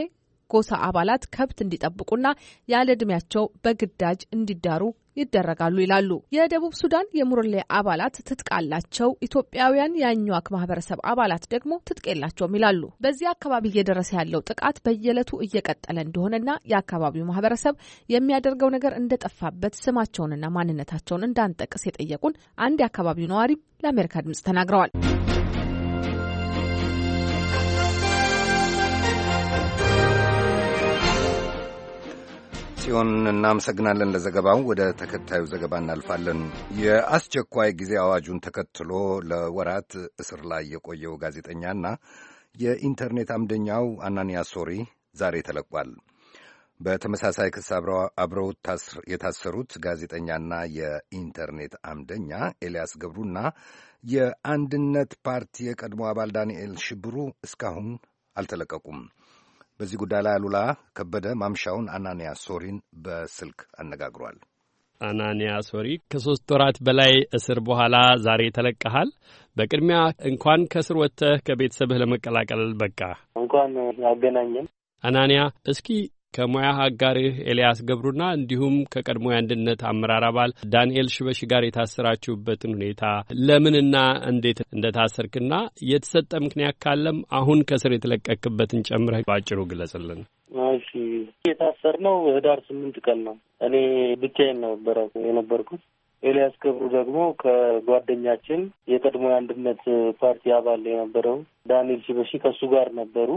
[SPEAKER 7] ጎሳ አባላት ከብት እንዲጠብቁና ያለ ዕድሜያቸው በግዳጅ እንዲዳሩ ይደረጋሉ ይላሉ። የደቡብ ሱዳን የሙርሌ አባላት ትጥቅ አላቸው። ኢትዮጵያውያን የአኟክ ማህበረሰብ አባላት ደግሞ ትጥቅ የላቸውም ይላሉ። በዚህ አካባቢ እየደረሰ ያለው ጥቃት በየዕለቱ እየቀጠለ እንደሆነና የአካባቢው ማህበረሰብ የሚያደርገው ነገር እንደጠፋበት ስማቸውንና ማንነታቸውን እንዳንጠቅስ የጠየቁን አንድ የአካባቢው ነዋሪም ለአሜሪካ ድምጽ ተናግረዋል።
[SPEAKER 2] ጽዮን እናመሰግናለን ለዘገባው። ወደ ተከታዩ ዘገባ እናልፋለን። የአስቸኳይ ጊዜ አዋጁን ተከትሎ ለወራት እስር ላይ የቆየው ጋዜጠኛና የኢንተርኔት አምደኛው አናንያ ሶሪ ዛሬ ተለቋል። በተመሳሳይ ክስ አብረው የታሰሩት ጋዜጠኛና የኢንተርኔት አምደኛ ኤልያስ ገብሩና የአንድነት ፓርቲ የቀድሞ አባል ዳንኤል ሽብሩ እስካሁን አልተለቀቁም። በዚህ ጉዳይ ላይ አሉላ ከበደ ማምሻውን አናንያ ሶሪን በስልክ አነጋግሯል።
[SPEAKER 11] አናንያ ሶሪ ከሶስት ወራት በላይ እስር በኋላ ዛሬ ተለቀሃል። በቅድሚያ እንኳን ከእስር ወጥተህ ከቤተሰብህ ለመቀላቀል በቃ
[SPEAKER 4] እንኳን ያገናኘን።
[SPEAKER 11] አናንያ እስኪ ከሙያ አጋርህ ኤልያስ ገብሩና እንዲሁም ከቀድሞ የአንድነት አመራር አባል ዳንኤል ሽበሽ ጋር የታሰራችሁበትን ሁኔታ ለምንና እንዴት እንደታሰርክና የተሰጠ ምክንያት ካለም አሁን ከስር የተለቀክበትን ጨምረህ ባጭሩ ግለጽልን።
[SPEAKER 4] እሺ የታሰርነው ህዳር ስምንት ቀን ነው። እኔ ብቻዬን ነበረ የነበርኩት። ኤልያስ ገብሩ ደግሞ ከጓደኛችን የቀድሞ የአንድነት ፓርቲ አባል የነበረው ዳንኤል ሽበሺ ከእሱ ጋር ነበሩ።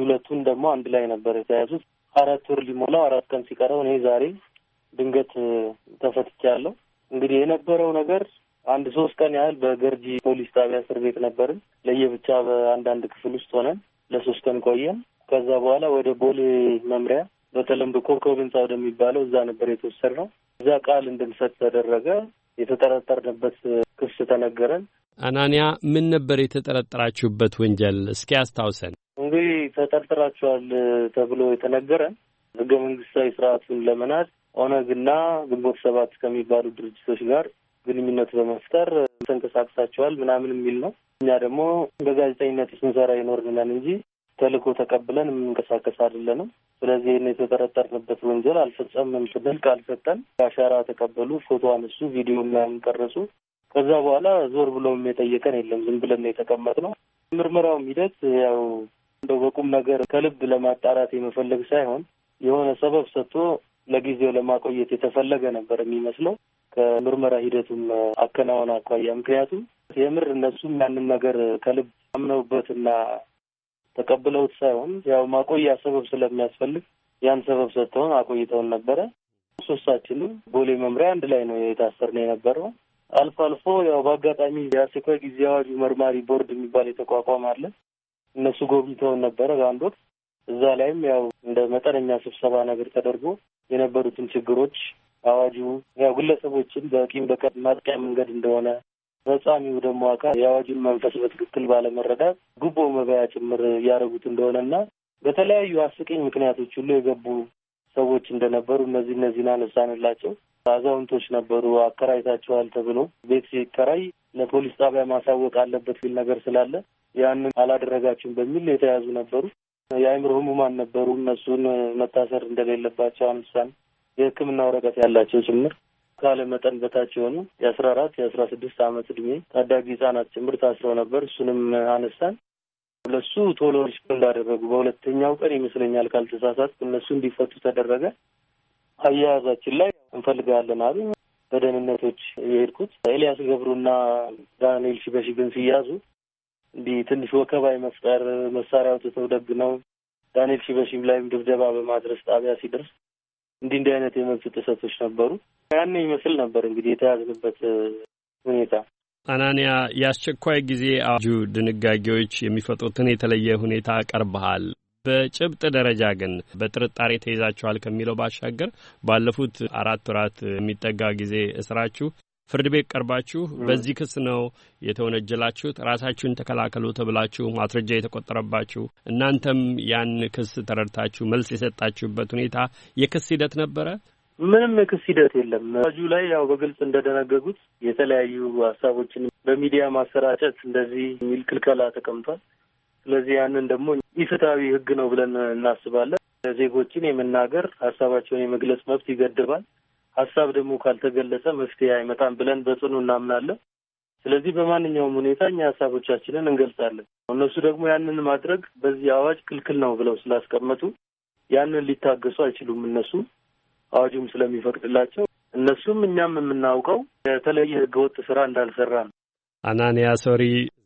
[SPEAKER 4] ሁለቱን ደግሞ አንድ ላይ ነበር የተያዙት። አራት ወር ሊሞላው አራት ቀን ሲቀረው እኔ ዛሬ ድንገት ተፈትቻለሁ። እንግዲህ የነበረው ነገር አንድ ሶስት ቀን ያህል በገርጂ ፖሊስ ጣቢያ እስር ቤት ነበርን። ለየብቻ በአንዳንድ ክፍል ውስጥ ሆነን ለሶስት ቀን ቆየን። ከዛ በኋላ ወደ ቦሌ መምሪያ በተለምዶ ኮከብ ህንፃ ወደሚባለው እዛ ነበር የተወሰድነው። እዛ ቃል እንድንሰጥ ተደረገ። የተጠረጠርንበት ክስ ተነገረን።
[SPEAKER 11] አናንያ ምን ነበር የተጠረጠራችሁበት ወንጀል? እስኪ አስታውሰን።
[SPEAKER 4] እንግዲህ ተጠርጥራችኋል ተብሎ የተነገረን ህገ መንግስታዊ ስርዓቱን ለመናድ ኦነግና ግንቦት ሰባት ከሚባሉ ድርጅቶች ጋር ግንኙነት በመፍጠር ተንቀሳቅሳቸዋል ምናምን የሚል ነው። እኛ ደግሞ በጋዜጠኝነት ስንሰራ ይኖርናል እንጂ ተልእኮ ተቀብለን የምንንቀሳቀስ አይደለንም። ስለዚህ የተጠረጠርንበት ወንጀል አልፈጸምም ስንል ቃል ሰጠን። አሻራ ተቀበሉ፣ ፎቶ አነሱ፣ ቪዲዮ ምናምን ቀረጹ። ከዛ በኋላ ዞር ብሎም የጠየቀን የለም። ዝም ብለን የተቀመጥነው። ምርመራውም ሂደት ያው እንደው በቁም ነገር ከልብ ለማጣራት የመፈለግ ሳይሆን የሆነ ሰበብ ሰጥቶ ለጊዜው ለማቆየት የተፈለገ ነበር የሚመስለው ከምርመራ ሂደቱም አከናወን አኳያ ምክንያቱም የምር እነሱም ያንን ነገር ከልብ አምነውበት ተቀብለውት ሳይሆን ያው ማቆያ ሰበብ ስለሚያስፈልግ ያን ሰበብ ሰጥተውን አቆይተውን ነበረ። ሶስታችንም ቦሌ መምሪያ አንድ ላይ ነው የታሰርን የነበረው። አልፎ አልፎ ያው በአጋጣሚ የአስቸኳይ ጊዜ አዋጁ መርማሪ ቦርድ የሚባል የተቋቋመ አለ። እነሱ ጎብኝተውን ነበረ በአንድ ወቅት። እዛ ላይም ያው እንደ መጠነኛ ስብሰባ ነገር ተደርጎ የነበሩትን ችግሮች አዋጁ ያው ግለሰቦችን በቂም በቀል ማጥቂያ መንገድ እንደሆነ ፈጻሚው ደግሞ አካል የአዋጁን መንፈስ በትክክል ባለመረዳት ጉቦ መበያ ጭምር እያደረጉት እንደሆነና በተለያዩ አስቂኝ ምክንያቶች ሁሉ የገቡ ሰዎች እንደነበሩ እነዚህ እነዚህን አነሳንላቸው። አዛውንቶች ነበሩ። አከራይታቸዋል ተብሎ ቤት ሲከራይ ለፖሊስ ጣቢያ ማሳወቅ አለበት ሲል ነገር ስላለ ያንን አላደረጋችሁም በሚል የተያዙ ነበሩ። የአእምሮ ህሙማን ነበሩ። እነሱን መታሰር እንደሌለባቸው አንሳን የሕክምና ወረቀት ያላቸው ጭምር ካለ መጠን በታች የሆኑ የአስራ አራት የአስራ ስድስት ዓመት እድሜ ታዳጊ ህጻናት ጭምር ታስረው ነበር። እሱንም አነሳን። ለሱ ቶሎ እንዳደረጉ በሁለተኛው ቀን ይመስለኛል ካልተሳሳት እነሱ እንዲፈቱ ተደረገ። አያያዛችን ላይ እንፈልጋለን አሉ በደህንነቶች የሄድኩት ኤልያስ ገብሩና ዳንኤል ሽበሺ ግን ሲያዙ እንዲህ ትንሽ ወከባዊ መፍጠር መሳሪያ አውጥተው ደግ ነው። ዳንኤል ሽበሺም ላይም ድብደባ በማድረስ ጣቢያ ሲደርስ እንዲህ እንዲህ አይነት የመብት ጥሰቶች ነበሩ። ያን ይመስል ነበር እንግዲህ የተያዝንበት ሁኔታ።
[SPEAKER 11] አናንያ የአስቸኳይ ጊዜ አዋጁ ድንጋጌዎች የሚፈጥሩትን የተለየ ሁኔታ ቀርበሃል። በጭብጥ ደረጃ ግን በጥርጣሬ ተይዛችኋል ከሚለው ባሻገር ባለፉት አራት ወራት የሚጠጋ ጊዜ እስራችሁ ፍርድ ቤት ቀርባችሁ በዚህ ክስ ነው የተወነጀላችሁት፣ ራሳችሁን ተከላከሉ ተብላችሁ ማስረጃ የተቆጠረባችሁ እናንተም ያን ክስ ተረድታችሁ መልስ የሰጣችሁበት ሁኔታ የክስ ሂደት ነበረ?
[SPEAKER 4] ምንም የክስ ሂደት የለም። ጁ ላይ ያው በግልጽ እንደደነገጉት የተለያዩ ሀሳቦችን በሚዲያ ማሰራጨት እንደዚህ የሚል ክልከላ ተቀምጧል። ስለዚህ ያንን ደግሞ ኢፍትሐዊ ሕግ ነው ብለን እናስባለን። ዜጎችን የመናገር ሀሳባቸውን የመግለጽ መብት ይገድባል። ሀሳብ ደግሞ ካልተገለጸ መፍትሄ አይመጣም ብለን በጽኑ እናምናለን። ስለዚህ በማንኛውም ሁኔታ እኛ ሀሳቦቻችንን እንገልጻለን። እነሱ ደግሞ ያንን ማድረግ በዚህ አዋጅ ክልክል ነው ብለው ስላስቀመጡ ያንን ሊታገሱ አይችሉም። እነሱ አዋጁም ስለሚፈቅድላቸው እነሱም እኛም የምናውቀው የተለየ ህገወጥ ስራ እንዳልሰራ ነው።
[SPEAKER 11] አናንያ ሶሪ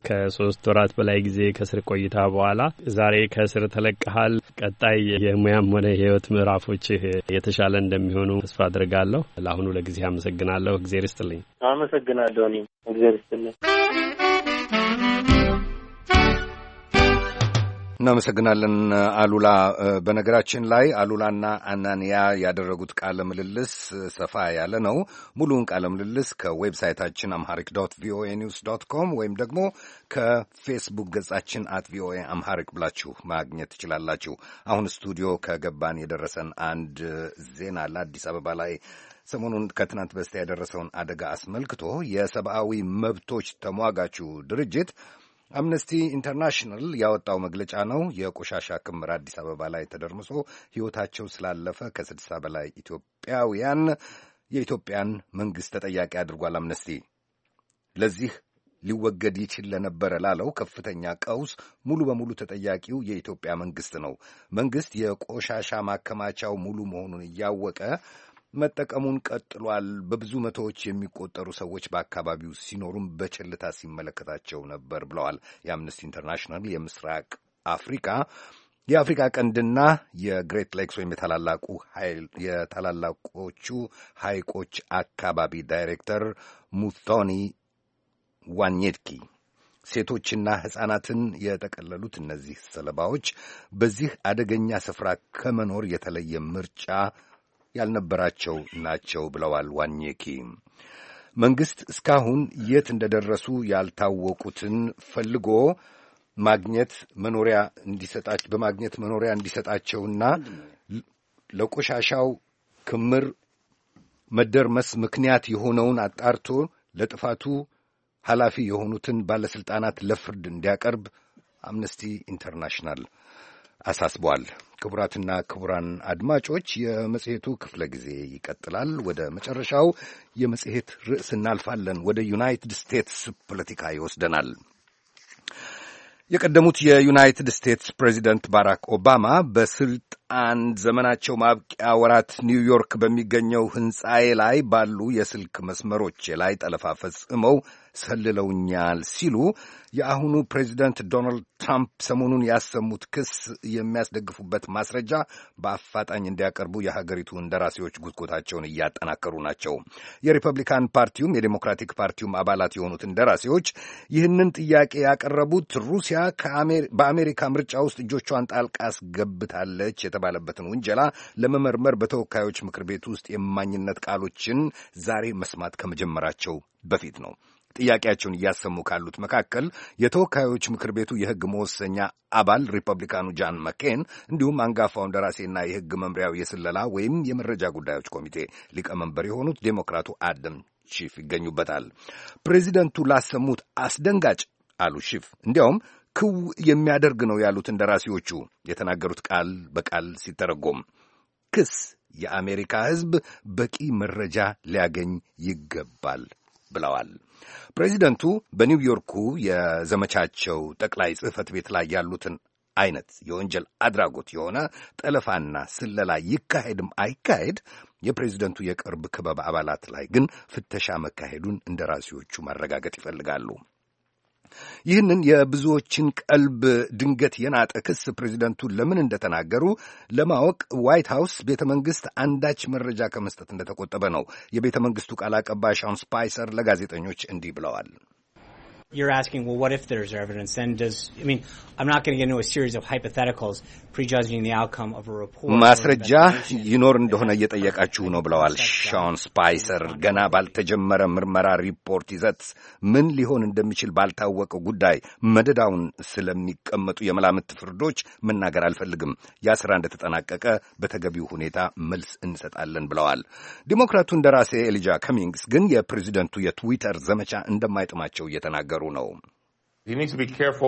[SPEAKER 11] ከሶስት ወራት በላይ ጊዜ ከእስር ቆይታ በኋላ ዛሬ ከእስር ተለቀሃል። ቀጣይ የሙያም ሆነ የህይወት ምዕራፎችህ የተሻለ እንደሚሆኑ ተስፋ አድርጋለሁ። ለአሁኑ ለጊዜ አመሰግናለሁ። እግዜር ይስጥልኝ።
[SPEAKER 4] አመሰግናለሁ። እኔም
[SPEAKER 2] እግዜር ይስጥልኝ። እናመሰግናለን አሉላ። በነገራችን ላይ አሉላና አናንያ ያደረጉት ቃለ ምልልስ ሰፋ ያለ ነው። ሙሉውን ቃለ ምልልስ ከዌብሳይታችን አምሃሪክ ዶት ቪኦኤ ኒውስ ዶት ኮም ወይም ደግሞ ከፌስቡክ ገጻችን አት ቪኦኤ አምሃሪክ ብላችሁ ማግኘት ትችላላችሁ። አሁን ስቱዲዮ ከገባን የደረሰን አንድ ዜና ለአዲስ አበባ ላይ ሰሞኑን ከትናንት በስቲያ የደረሰውን አደጋ አስመልክቶ የሰብአዊ መብቶች ተሟጋቹ ድርጅት አምነስቲ ኢንተርናሽናል ያወጣው መግለጫ ነው። የቆሻሻ ክምር አዲስ አበባ ላይ ተደርምሶ ሕይወታቸው ስላለፈ ከስድሳ በላይ ኢትዮጵያውያን የኢትዮጵያን መንግሥት ተጠያቂ አድርጓል። አምነስቲ ለዚህ ሊወገድ ይችል ለነበረ ላለው ከፍተኛ ቀውስ ሙሉ በሙሉ ተጠያቂው የኢትዮጵያ መንግሥት ነው። መንግሥት የቆሻሻ ማከማቻው ሙሉ መሆኑን እያወቀ መጠቀሙን ቀጥሏል። በብዙ መቶዎች የሚቆጠሩ ሰዎች በአካባቢው ሲኖሩም በቸልታ ሲመለከታቸው ነበር ብለዋል። የአምነስቲ ኢንተርናሽናል የምስራቅ አፍሪካ የአፍሪካ ቀንድና የግሬት ሌክስ ወይም የታላላቆቹ ሐይቆች አካባቢ ዳይሬክተር ሙቶኒ ዋኔድኪ ሴቶችና ሕፃናትን የጠቀለሉት እነዚህ ሰለባዎች በዚህ አደገኛ ስፍራ ከመኖር የተለየ ምርጫ ያልነበራቸው ናቸው ብለዋል ዋኘኪ። መንግሥት እስካሁን የት እንደደረሱ ያልታወቁትን ፈልጎ ማግኘት መኖሪያ እንዲሰጣቸው በማግኘት መኖሪያ እንዲሰጣቸውና ለቆሻሻው ክምር መደርመስ ምክንያት የሆነውን አጣርቶ ለጥፋቱ ኃላፊ የሆኑትን ባለሥልጣናት ለፍርድ እንዲያቀርብ አምነስቲ ኢንተርናሽናል አሳስቧል። ክቡራትና ክቡራን አድማጮች የመጽሔቱ ክፍለ ጊዜ ይቀጥላል። ወደ መጨረሻው የመጽሔት ርዕስ እናልፋለን። ወደ ዩናይትድ ስቴትስ ፖለቲካ ይወስደናል። የቀደሙት የዩናይትድ ስቴትስ ፕሬዚደንት ባራክ ኦባማ በስልጥ አንድ ዘመናቸው ማብቂያ ወራት ኒውዮርክ በሚገኘው ሕንፃዬ ላይ ባሉ የስልክ መስመሮቼ ላይ ጠለፋ ፈጽመው ሰልለውኛል ሲሉ የአሁኑ ፕሬዚደንት ዶናልድ ትራምፕ ሰሞኑን ያሰሙት ክስ የሚያስደግፉበት ማስረጃ በአፋጣኝ እንዲያቀርቡ የሀገሪቱ እንደራሴዎች ጉትጎታቸውን እያጠናከሩ ናቸው። የሪፐብሊካን ፓርቲውም የዴሞክራቲክ ፓርቲውም አባላት የሆኑት እንደራሴዎች ይህንን ጥያቄ ያቀረቡት ሩሲያ በአሜሪካ ምርጫ ውስጥ እጆቿን ጣልቃ አስገብታለች የተባለበትን ውንጀላ ለመመርመር በተወካዮች ምክር ቤት ውስጥ የማኝነት ቃሎችን ዛሬ መስማት ከመጀመራቸው በፊት ነው። ጥያቄያቸውን እያሰሙ ካሉት መካከል የተወካዮች ምክር ቤቱ የሕግ መወሰኛ አባል ሪፐብሊካኑ ጃን መኬን እንዲሁም አንጋፋውን ደራሴና የሕግ መምሪያው የስለላ ወይም የመረጃ ጉዳዮች ኮሚቴ ሊቀመንበር የሆኑት ዴሞክራቱ አደም ሺፍ ይገኙበታል። ፕሬዚደንቱ ላሰሙት አስደንጋጭ አሉ ሺፍ እንዲያውም ክው የሚያደርግ ነው ያሉት እንደራሴዎቹ የተናገሩት ቃል በቃል ሲተረጎም ክስ የአሜሪካ ሕዝብ በቂ መረጃ ሊያገኝ ይገባል ብለዋል። ፕሬዚደንቱ በኒውዮርኩ የዘመቻቸው ጠቅላይ ጽሕፈት ቤት ላይ ያሉትን አይነት የወንጀል አድራጎት የሆነ ጠለፋና ስለላ ይካሄድም አይካሄድ የፕሬዚደንቱ የቅርብ ክበብ አባላት ላይ ግን ፍተሻ መካሄዱን እንደራሴዎቹ ማረጋገጥ ይፈልጋሉ። ይህንን የብዙዎችን ቀልብ ድንገት የናጠ ክስ ፕሬዚደንቱ ለምን እንደተናገሩ ለማወቅ ዋይት ሀውስ ቤተ መንግስት አንዳች መረጃ ከመስጠት እንደተቆጠበ ነው የቤተ መንግስቱ ቃል አቀባይ ሻውን ስፓይሰር ለጋዜጠኞች እንዲህ ብለዋል።
[SPEAKER 5] You're asking, well, what if there's evidence? Then does, I mean, I'm not going to get into a series of hypotheticals prejudging the outcome of a report. ማስረጃ
[SPEAKER 2] ይኖር እንደሆነ እየጠየቃችሁ ነው ብለዋል ሻውን ስፓይሰር። ገና ባልተጀመረ ምርመራ ሪፖርት ይዘት ምን ሊሆን እንደሚችል ባልታወቀ ጉዳይ መደዳውን ስለሚቀመጡ የመላምት ፍርዶች መናገር አልፈልግም። ያ ስራ እንደተጠናቀቀ በተገቢው ሁኔታ መልስ እንሰጣለን ብለዋል። ዲሞክራቱ እንደራሴ ኤሊጃ ከሚንግስ ግን የፕሬዚደንቱ የትዊተር ዘመቻ እንደማይጥማቸው እየተናገሩ እየተናገሩ ነው።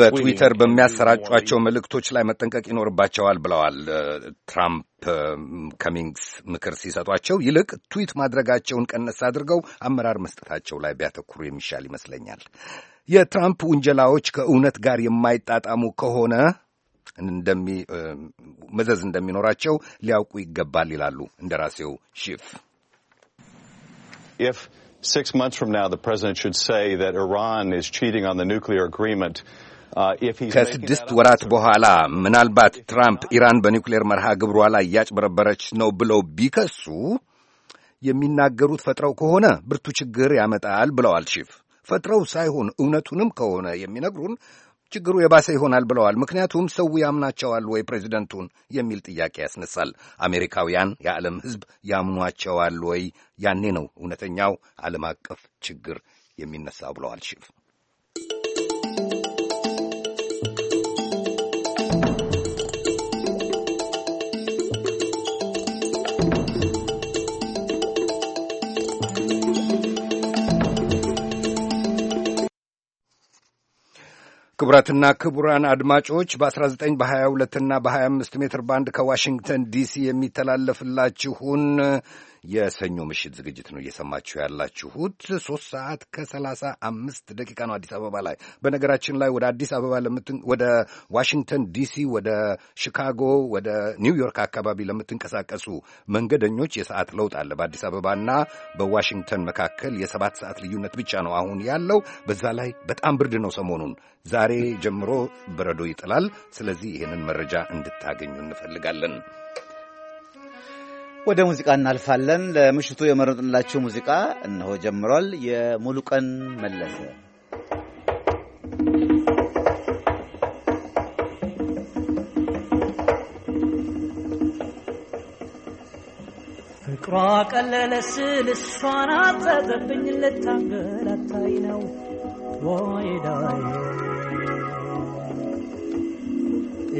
[SPEAKER 2] በትዊተር በሚያሰራጯቸው መልእክቶች ላይ መጠንቀቅ ይኖርባቸዋል ብለዋል ትራምፕ ከሚንግስ ምክር ሲሰጧቸው ይልቅ ትዊት ማድረጋቸውን ቀነስ አድርገው አመራር መስጠታቸው ላይ ቢያተኩሩ የሚሻል ይመስለኛል። የትራምፕ ውንጀላዎች ከእውነት ጋር የማይጣጣሙ ከሆነ መዘዝ እንደሚኖራቸው ሊያውቁ ይገባል ይላሉ እንደራሴው ሺፍ። if six months from now the president should say that Iran is cheating on the nuclear agreement. Uh, ከስድስት ወራት በኋላ ምናልባት ትራምፕ ኢራን በኒውክሌር መርሃ ግብሯ ላይ እያጭበረበረች ነው ብለው ቢከሱ የሚናገሩት ፈጥረው ከሆነ ብርቱ ችግር ያመጣል ብለዋል ሺፍ። ፈጥረው ሳይሆን እውነቱንም ከሆነ የሚነግሩን ችግሩ የባሰ ይሆናል ብለዋል። ምክንያቱም ሰው ያምናቸዋል ወይ ፕሬዚደንቱን የሚል ጥያቄ ያስነሳል። አሜሪካውያን የዓለም ሕዝብ ያምኗቸዋል ወይ? ያኔ ነው እውነተኛው ዓለም አቀፍ ችግር የሚነሳው ብለዋል ሽፍ ክቡራትና ክቡራን አድማጮች በ19 በ22 እና በ25 ሜትር ባንድ ከዋሽንግተን ዲሲ የሚተላለፍላችሁን የሰኞ ምሽት ዝግጅት ነው እየሰማችሁ ያላችሁት። ሶስት ሰዓት ከሰላሳ አምስት ደቂቃ ነው አዲስ አበባ ላይ። በነገራችን ላይ ወደ አዲስ አበባ ወደ ዋሽንግተን ዲሲ፣ ወደ ሽካጎ፣ ወደ ኒውዮርክ አካባቢ ለምትንቀሳቀሱ መንገደኞች የሰዓት ለውጥ አለ። በአዲስ አበባና በዋሽንግተን መካከል የሰባት ሰዓት ልዩነት ብቻ ነው አሁን ያለው። በዛ ላይ በጣም ብርድ ነው ሰሞኑን። ዛሬ ጀምሮ በረዶ ይጥላል። ስለዚህ ይህንን መረጃ እንድታገኙ እንፈልጋለን።
[SPEAKER 1] ወደ ሙዚቃ እናልፋለን። ለምሽቱ የመረጥንላችሁ ሙዚቃ እነሆ ጀምሯል። የሙሉቀን መለሰ
[SPEAKER 6] ፍቅሯ ቀለለ ስል እሷን ልታንገላታይ ነው
[SPEAKER 4] ወይዳይ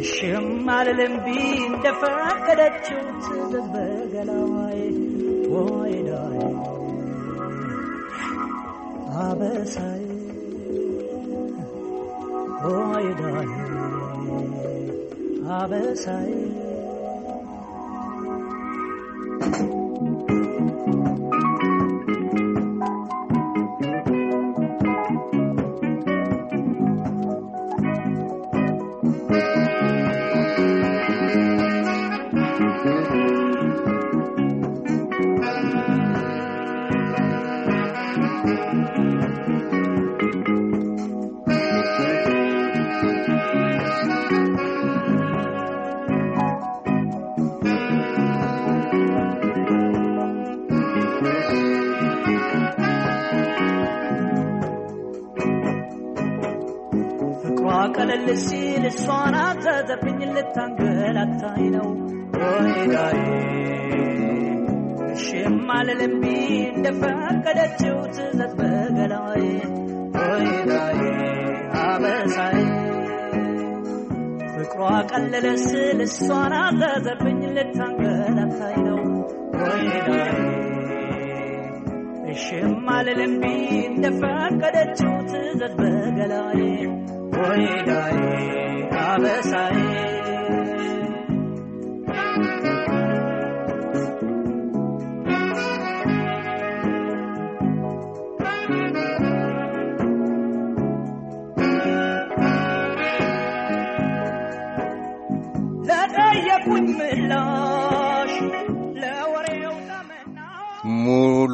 [SPEAKER 12] እሽም
[SPEAKER 6] አልልም ቢ እንደፈቀደችው ትዘዝ በገላዋይ አበሳይ ወይዳይ አበሳይ
[SPEAKER 5] እሷን አዘዘብኝ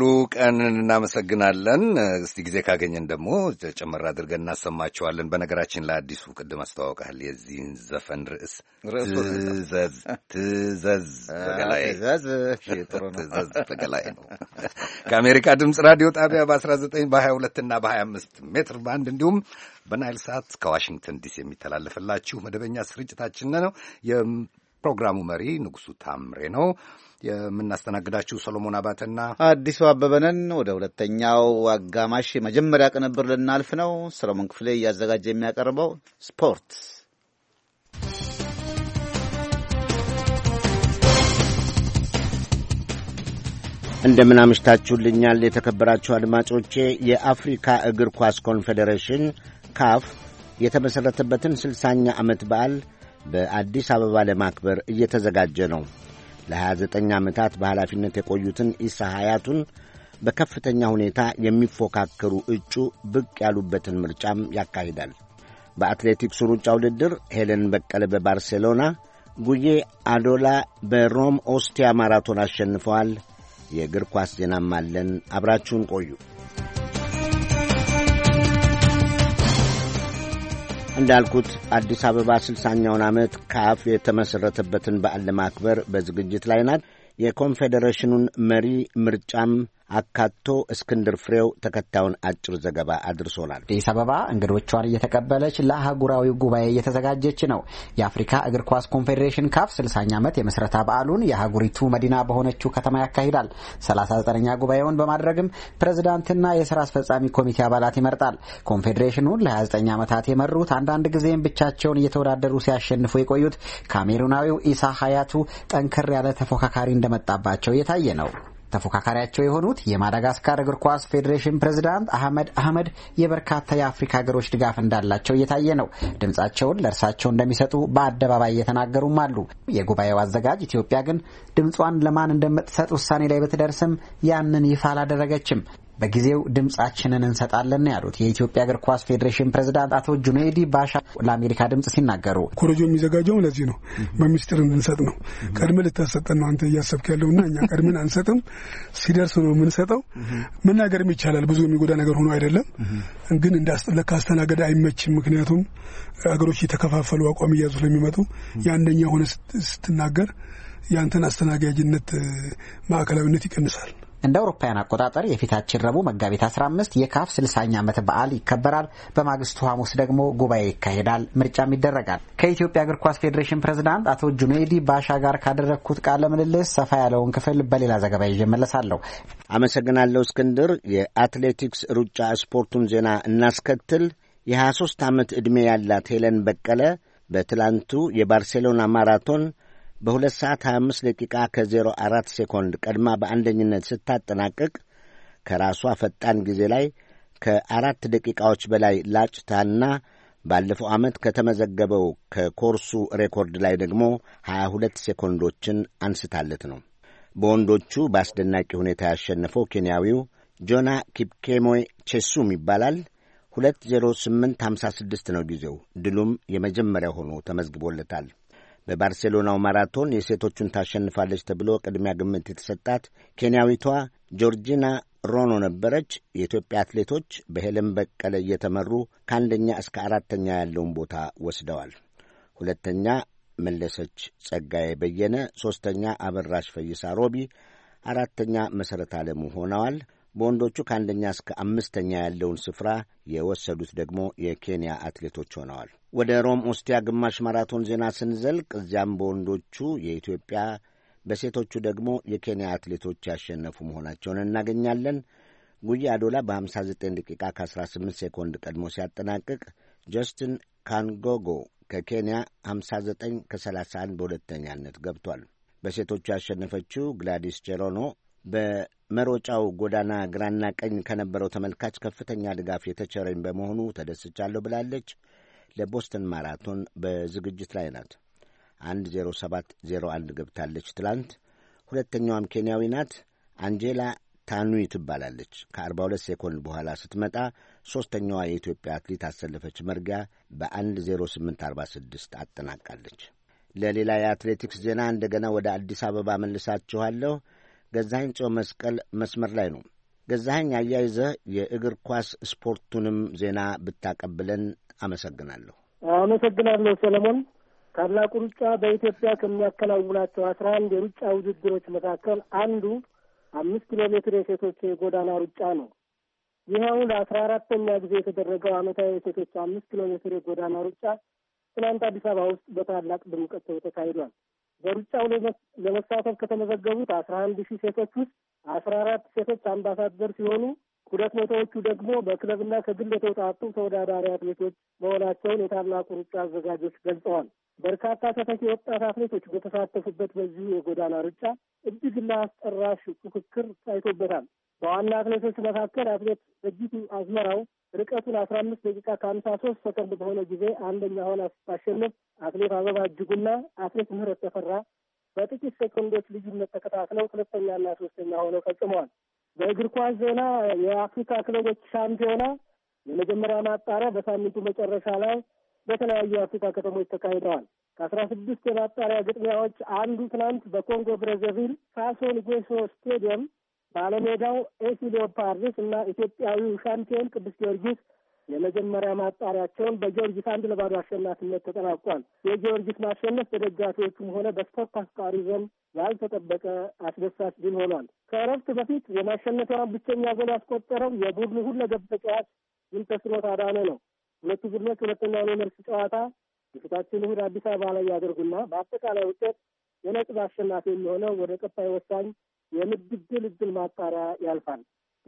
[SPEAKER 2] ሙሉ ቀን እናመሰግናለን። እስቲ ጊዜ ካገኘን ደግሞ ጨመር አድርገን እናሰማቸዋለን በነገራችን ላይ ቅድም አስተዋውቀሃል የዚህን ዘፈን ርዕስ ትዘዝ ተገላይ ነው። ከአሜሪካ ድምፅ ራዲዮ ጣቢያ በ19 በ22 እና በ25 ሜትር ባንድ እንዲሁም በናይል ሰዓት ከዋሽንግተን ዲሲ የሚተላለፍላችሁ መደበኛ ስርጭታችን ነው። የፕሮግራሙ መሪ ንጉሱ ታምሬ ነው። የምናስተናግዳችሁ ሰሎሞን አባተና አዲሱ
[SPEAKER 1] አበበነን። ወደ ሁለተኛው አጋማሽ የመጀመሪያ ቅንብር ልናልፍ ነው። ሰሎሞን ክፍሌ እያዘጋጀ የሚያቀርበው ስፖርት
[SPEAKER 13] እንደምን አምሽታችሁልኛል የተከበራችሁ አድማጮቼ። የአፍሪካ እግር ኳስ ኮንፌዴሬሽን ካፍ የተመሠረተበትን ስልሳኛ ዓመት በዓል በአዲስ አበባ ለማክበር እየተዘጋጀ ነው። ለ29 ዓመታት በኃላፊነት የቆዩትን ኢሳ ሐያቱን በከፍተኛ ሁኔታ የሚፎካከሩ እጩ ብቅ ያሉበትን ምርጫም ያካሂዳል። በአትሌቲክሱ ሩጫ ውድድር ሄለን በቀለ በባርሴሎና፣ ጉዬ አዶላ በሮም ኦስቲያ ማራቶን አሸንፈዋል። የእግር ኳስ ዜናም አለን። አብራችሁን ቆዩ። እንዳልኩት አዲስ አበባ ስልሳኛውን ዓመት ካፍ የተመሠረተበትን በዓል ለማክበር በዝግጅት ላይ ናት። የኮንፌዴሬሽኑን መሪ ምርጫም አካቶ እስክንድር ፍሬው ተከታዩን አጭር ዘገባ አድርሶናል።
[SPEAKER 14] አዲስ አበባ እንግዶቿን እየተቀበለች ለአህጉራዊ ጉባኤ እየተዘጋጀች ነው። የአፍሪካ እግር ኳስ ኮንፌዴሬሽን ካፍ 60ኛ ዓመት የመስረታ በዓሉን የአህጉሪቱ መዲና በሆነችው ከተማ ያካሂዳል። 39ኛ ጉባኤውን በማድረግም ፕሬዝዳንትና የስራ አስፈጻሚ ኮሚቴ አባላት ይመርጣል። ኮንፌዴሬሽኑን ለ29 ዓመታት የመሩት አንዳንድ ጊዜም ብቻቸውን እየተወዳደሩ ሲያሸንፉ የቆዩት ካሜሩናዊው ኢሳ ሀያቱ ጠንከር ያለ ተፎካካሪ እንደመጣባቸው እየታየ ነው። ተፎካካሪያቸው የሆኑት የማዳጋስካር እግር ኳስ ፌዴሬሽን ፕሬዚዳንት አህመድ አህመድ የበርካታ የአፍሪካ ሀገሮች ድጋፍ እንዳላቸው እየታየ ነው። ድምጻቸውን ለእርሳቸው እንደሚሰጡ በአደባባይ እየተናገሩም አሉ። የጉባኤው አዘጋጅ ኢትዮጵያ ግን ድምጿን ለማን እንደምትሰጥ ውሳኔ ላይ ብትደርስም ያንን ይፋ አላደረገችም። በጊዜው ድምጻችንን እንሰጣለን ያሉት የኢትዮጵያ እግር ኳስ ፌዴሬሽን ፕሬዝዳንት አቶ ጁኔዲ ባሻ ለአሜሪካ ድምጽ ሲናገሩ
[SPEAKER 3] ኮረጆ የሚዘጋጀው ለዚህ ነው፣ በሚስጥር እንድንሰጥ ነው። ቀድመ ልታሰጠን ነው አንተ እያሰብክ እና እኛ ቀድመን አንሰጥም፣ ሲደርስ ነው የምንሰጠው። መናገርም ይቻላል፣ ብዙ የሚጎዳ ነገር ሆኖ አይደለም። ግን ለካስተናገድ አይመችም። ምክንያቱም አገሮች የተከፋፈሉ አቋም እያዙ ስለሚመጡ የአንደኛ ሆነ ስትናገር የአንተን አስተናጋጅነት ማዕከላዊነት ይቀንሳል። እንደ አውሮፓውያን
[SPEAKER 14] አቆጣጠር የፊታችን ረቡዕ መጋቢት 15 የካፍ 60ኛ ዓመት በዓል ይከበራል። በማግስቱ ሐሙስ ደግሞ ጉባኤ ይካሄዳል፣ ምርጫም ይደረጋል። ከኢትዮጵያ እግር ኳስ ፌዴሬሽን ፕሬዝዳንት አቶ ጁኔዲ ባሻ ጋር ካደረግኩት ቃለ ምልልስ ሰፋ ያለውን ክፍል በሌላ ዘገባ ይዤ እመለሳለሁ።
[SPEAKER 13] አመሰግናለሁ እስክንድር። የአትሌቲክስ ሩጫ ስፖርቱን ዜና እናስከትል። የ23 ዓመት ዕድሜ ያላት ሄለን በቀለ በትላንቱ የባርሴሎና ማራቶን በሁለት ሰዓት 25 ደቂቃ ከ04 ሴኮንድ ቀድማ በአንደኝነት ስታጠናቅቅ ከራሷ ፈጣን ጊዜ ላይ ከአራት ደቂቃዎች በላይ ላጭታና ባለፈው ዓመት ከተመዘገበው ከኮርሱ ሬኮርድ ላይ ደግሞ 22 ሴኮንዶችን አንስታለት ነው። በወንዶቹ በአስደናቂ ሁኔታ ያሸነፈው ኬንያዊው ጆና ኪፕኬሞይ ቼሱም ይባላል። 20856 ነው ጊዜው። ድሉም የመጀመሪያ ሆኖ ተመዝግቦለታል። በባርሴሎናው ማራቶን የሴቶቹን ታሸንፋለች ተብሎ ቅድሚያ ግምት የተሰጣት ኬንያዊቷ ጆርጂና ሮኖ ነበረች። የኢትዮጵያ አትሌቶች በሄለን በቀለ እየተመሩ ከአንደኛ እስከ አራተኛ ያለውን ቦታ ወስደዋል። ሁለተኛ መለሰች ጸጋዬ በየነ፣ ሦስተኛ አበራሽ ፈይሳ ሮቢ፣ አራተኛ መሠረት አለሙ ሆነዋል። በወንዶቹ ከአንደኛ እስከ አምስተኛ ያለውን ስፍራ የወሰዱት ደግሞ የኬንያ አትሌቶች ሆነዋል። ወደ ሮም ኦስቲያ ግማሽ ማራቶን ዜና ስንዘልቅ እዚያም በወንዶቹ የኢትዮጵያ በሴቶቹ ደግሞ የኬንያ አትሌቶች ያሸነፉ መሆናቸውን እናገኛለን። ጉዬ አዶላ በ59 ደቂቃ ከ18 ሴኮንድ ቀድሞ ሲያጠናቅቅ ጀስትን ካንጎጎ ከኬንያ 59 ከ31 በሁለተኛነት ገብቷል። በሴቶቹ ያሸነፈችው ግላዲስ ቼሮኖ በመሮጫው ጎዳና ግራና ቀኝ ከነበረው ተመልካች ከፍተኛ ድጋፍ የተቸረኝ በመሆኑ ተደስቻለሁ ብላለች። ለቦስተን ማራቶን በዝግጅት ላይ ናት። 1:07:01 ገብታለች ትላንት። ሁለተኛዋም ኬንያዊ ናት። አንጄላ ታኑይ ትባላለች። ከ42 ሴኮንድ በኋላ ስትመጣ ሦስተኛዋ የኢትዮጵያ አትሌት አሰለፈች መርጊያ በ1:08:46 አጠናቃለች። ለሌላ የአትሌቲክስ ዜና እንደገና ወደ አዲስ አበባ መልሳችኋለሁ። ገዛኸኝ ጽዮን መስቀል መስመር ላይ ነው። ገዛኸኝ አያይዘህ የእግር ኳስ ስፖርቱንም ዜና ብታቀብለን አመሰግናለሁ።
[SPEAKER 12] አመሰግናለሁ ሰለሞን። ታላቁ ሩጫ በኢትዮጵያ ከሚያከናውናቸው አስራ አንድ የሩጫ ውድድሮች መካከል አንዱ አምስት ኪሎ ሜትር የሴቶች የጎዳና ሩጫ ነው። ይኸው ለአስራ አራተኛ ጊዜ የተደረገው ዓመታዊ የሴቶች አምስት ኪሎ ሜትር የጎዳና ሩጫ ትናንት አዲስ አበባ ውስጥ በታላቅ ድምቀት ተካሂዷል። በሩጫው ለመሳተፍ ከተመዘገቡት አስራ አንድ ሺህ ሴቶች ውስጥ አስራ አራት ሴቶች አምባሳደር ሲሆኑ ሁለት መቶዎቹ ደግሞ በክለብና ከግል የተውጣጡ ተወዳዳሪ አትሌቶች መሆናቸውን የታላቁ ሩጫ አዘጋጆች ገልጸዋል። በርካታ ተተኪ ወጣት አትሌቶች በተሳተፉበት በዚሁ የጎዳና ሩጫ እጅግ አስጠራሽ ፉክክር ታይቶበታል። በዋና አትሌቶች መካከል አትሌት እጅቱ አዝመራው ርቀቱን አስራ አምስት ደቂቃ ከሀምሳ ሶስት ሰከንድ በሆነ ጊዜ አንደኛ ሆና ስታሸንፍ አትሌት አበባ እጅጉና አትሌት ምህረት ተፈራ በጥቂት ሰከንዶች ልዩነት ተከታትለው ሁለተኛና ሶስተኛ ሆነው ፈጽመዋል። በእግር ኳስ ዜና የአፍሪካ ክለቦች ሻምፒዮና የመጀመሪያ ማጣሪያ በሳምንቱ መጨረሻ ላይ በተለያዩ የአፍሪካ ከተሞች ተካሂደዋል። ከአስራ ስድስት የማጣሪያ ግጥሚያዎች አንዱ ትናንት በኮንጎ ብረዘቪል ሳሶን ጌሶ ስቴዲየም ባለሜዳው ኤሲ ሌኦፓርድስ እና ኢትዮጵያዊው ሻምፒዮን ቅዱስ ጊዮርጊስ የመጀመሪያ ማጣሪያቸውን በጊዮርጊስ አንድ ለባዶ አሸናፊነት ተጠናቋል። የጊዮርጊስ ማሸነፍ በደጋፊዎቹም ሆነ በስፖርት አፍቃሪ ዘንድ ያልተጠበቀ አስደሳች ድል ሆኗል። ከእረፍት በፊት የማሸነፊያውን ብቸኛ ጎል ያስቆጠረው የቡድኑ ሁለገብ ተጫዋች ይንተስኖት አዳነ ነው። ሁለቱ ቡድኖች ሁለተኛውን የመልስ ጨዋታ የፊታችን እሑድ አዲስ አበባ ላይ ያደርጉና በአጠቃላይ ውጤት የነጥብ አሸናፊ የሚሆነው ወደ ቀጣይ ወሳኝ የምድብ ድል ማጣሪያ ያልፋል።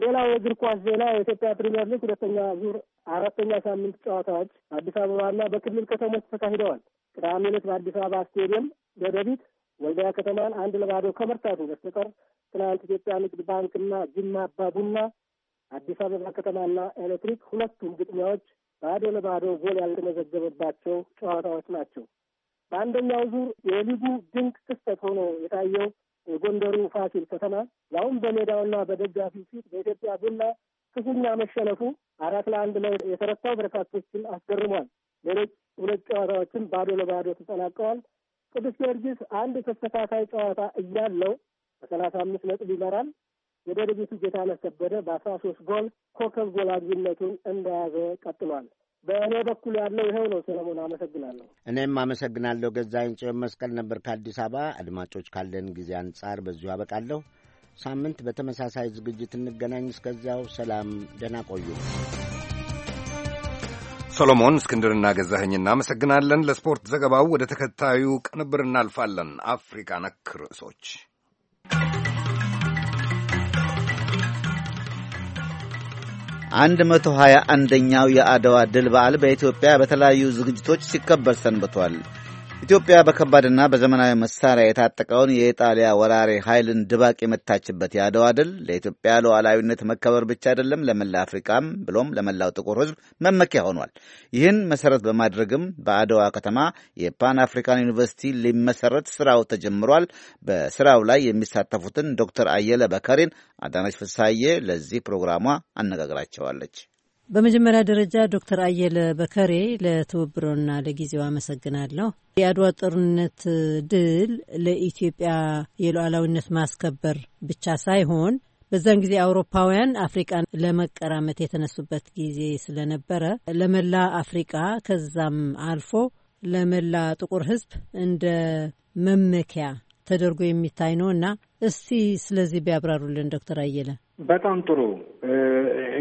[SPEAKER 12] ሌላው የእግር ኳስ ዜና የኢትዮጵያ ፕሪምየር ሊግ ሁለተኛ ዙር አራተኛ ሳምንት ጨዋታዎች በአዲስ አበባና በክልል ከተሞች ተካሂደዋል። ቅዳሜ ዕለት በአዲስ አበባ ስቴዲየም ደደቢት ወልዳያ ከተማን አንድ ለባዶ ከመርታቱ በስተቀር ትናንት ኢትዮጵያ ንግድ ባንክና ጅማ አባ ቡና፣ አዲስ አበባ ከተማና ኤሌክትሪክ ሁለቱም ግጥሚያዎች ባዶ ለባዶ ጎል ያልተመዘገበባቸው ጨዋታዎች ናቸው። በአንደኛው ዙር የሊጉ ድንቅ ክስተት ሆኖ የታየው የጎንደሩ ፋሲል ከተማ ያውም በሜዳውና በደጋፊው ፊት በኢትዮጵያ ቡና ክፉኛ መሸነፉ አራት ለአንድ ላይ የተረታው በርካቶችን አስገርሟል። ሌሎች ሁለት ጨዋታዎችን ባዶ ለባዶ ተጠናቀዋል። ቅዱስ ጊዮርጊስ አንድ ተስተካካይ ጨዋታ እያለው በሰላሳ አምስት ነጥብ ይመራል። የደደቢቱ ጌታነህ ከበደ በአስራ ሶስት ጎል ኮከብ ጎል አግቢነቱን እንደያዘ ቀጥሏል። በእኔ በኩል ያለው ይኸው ነው። ሰለሞን አመሰግናለሁ።
[SPEAKER 13] እኔም አመሰግናለሁ። ገዛኸኝ ጽዮን መስቀል ነበር ከአዲስ አበባ። አድማጮች ካለን ጊዜ አንጻር በዚሁ አበቃለሁ። ሳምንት በተመሳሳይ ዝግጅት እንገናኝ።
[SPEAKER 2] እስከዚያው ሰላም፣ ደህና ቆዩ። ሰሎሞን እስክንድርና ገዛኸኝ እናመሰግናለን። ለስፖርት ዘገባው ወደ ተከታዩ ቅንብር እናልፋለን። አፍሪካ ነክ ርዕሶች
[SPEAKER 1] መቶ2አንደኛው የአድዋ ድል በዓል በኢትዮጵያ በተለያዩ ዝግጅቶች ሲከበር ሰንብቷል። ኢትዮጵያ በከባድና በዘመናዊ መሳሪያ የታጠቀውን የኢጣሊያ ወራሪ ኃይልን ድባቅ የመታችበት የአድዋ ድል ለኢትዮጵያ ሉዓላዊነት መከበር ብቻ አይደለም፣ ለመላ አፍሪካም ብሎም ለመላው ጥቁር ሕዝብ መመኪያ ሆኗል። ይህን መሰረት በማድረግም በአድዋ ከተማ የፓን አፍሪካን ዩኒቨርሲቲ ሊመሰረት ስራው ተጀምሯል። በስራው ላይ የሚሳተፉትን ዶክተር አየለ በከሬን አዳነች ፍሳዬ ለዚህ ፕሮግራሟ አነጋግራቸዋለች።
[SPEAKER 6] በመጀመሪያ ደረጃ ዶክተር አየለ በከሬ ለትብብሮና ለጊዜው አመሰግናለሁ። የአድዋ ጦርነት ድል ለኢትዮጵያ የሉዓላዊነት ማስከበር ብቻ ሳይሆን በዛን ጊዜ አውሮፓውያን አፍሪቃን ለመቀራመት የተነሱበት ጊዜ ስለነበረ ለመላ አፍሪቃ ከዛም አልፎ ለመላ ጥቁር ሕዝብ እንደ መመኪያ ተደርጎ የሚታይ ነው እና እስቲ ስለዚህ ቢያብራሩልን ዶክተር አየለ። በጣም
[SPEAKER 15] ጥሩ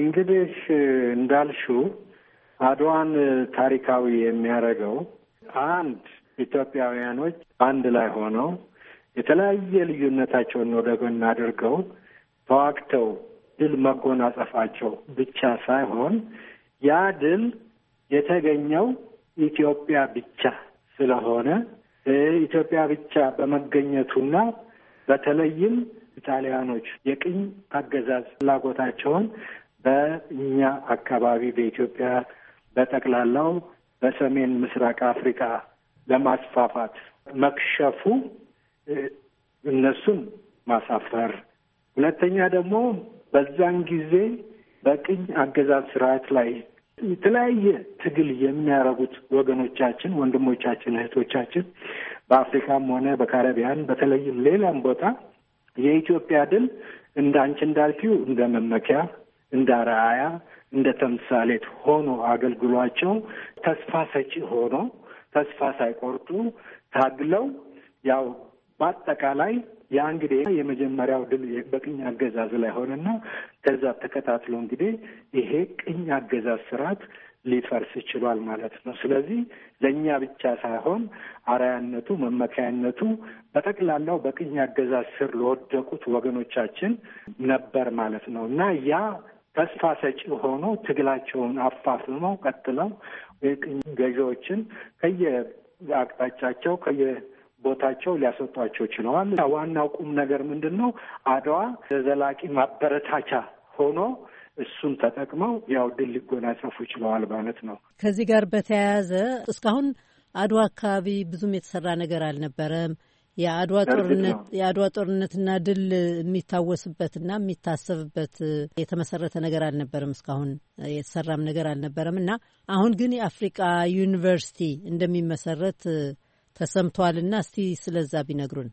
[SPEAKER 15] እንግዲህ እንዳልሽው አድዋን ታሪካዊ የሚያደርገው አንድ ኢትዮጵያውያኖች አንድ ላይ ሆነው የተለያየ ልዩነታቸውን ወደ ጎን አድርገው ተዋግተው ድል መጎናጸፋቸው ብቻ ሳይሆን ያ ድል የተገኘው ኢትዮጵያ ብቻ ስለሆነ ኢትዮጵያ ብቻ በመገኘቱና በተለይም ኢጣሊያኖች የቅኝ አገዛዝ ፍላጎታቸውን በእኛ አካባቢ በኢትዮጵያ በጠቅላላው በሰሜን ምስራቅ አፍሪካ ለማስፋፋት መክሸፉ እነሱን ማሳፈር፣ ሁለተኛ ደግሞ በዛን ጊዜ በቅኝ አገዛዝ ስርዓት ላይ የተለያየ ትግል የሚያደርጉት ወገኖቻችን፣ ወንድሞቻችን፣ እህቶቻችን በአፍሪካም ሆነ በካረቢያን በተለይ ሌላም ቦታ የኢትዮጵያ ድል እንደ አንቺ እንዳልኪው እንደ መመኪያ፣ እንደ አርአያ፣ እንደ ተምሳሌት ሆኖ አገልግሏቸው ተስፋ ሰጪ ሆኖ ተስፋ ሳይቆርጡ ታግለው ያው በአጠቃላይ ያ እንግዲህ የመጀመሪያው ድል በቅኝ አገዛዝ ላይ ሆነና ከዛ ተከታትሎ እንግዲህ ይሄ ቅኝ አገዛዝ ስርዓት ሊፈርስ ይችሏል ማለት ነው። ስለዚህ ለእኛ ብቻ ሳይሆን አርአያነቱ መመካያነቱ በጠቅላላው በቅኝ አገዛዝ ስር ለወደቁት ወገኖቻችን ነበር ማለት ነው እና ያ ተስፋ ሰጪ ሆኖ ትግላቸውን አፋፍመው ቀጥለው ገዢዎችን ከየ አቅጣጫቸው ከየ ቦታቸው ሊያሰጧቸው ችለዋል። ዋናው ቁም ነገር ምንድን ነው? አድዋ ለዘላቂ ማበረታቻ ሆኖ እሱን ተጠቅመው ያው ድል ሊጎናጸፉ ችለዋል ማለት ነው።
[SPEAKER 6] ከዚህ ጋር በተያያዘ እስካሁን አድዋ አካባቢ ብዙም የተሰራ ነገር አልነበረም። የአድዋ ጦርነት የአድዋ ጦርነትና ድል የሚታወስበትና የሚታሰብበት የተመሰረተ ነገር አልነበረም። እስካሁን የተሰራም ነገር አልነበረም እና አሁን ግን የአፍሪቃ ዩኒቨርሲቲ እንደሚመሰረት ተሰምቷልና እስቲ ስለዛ ቢነግሩን።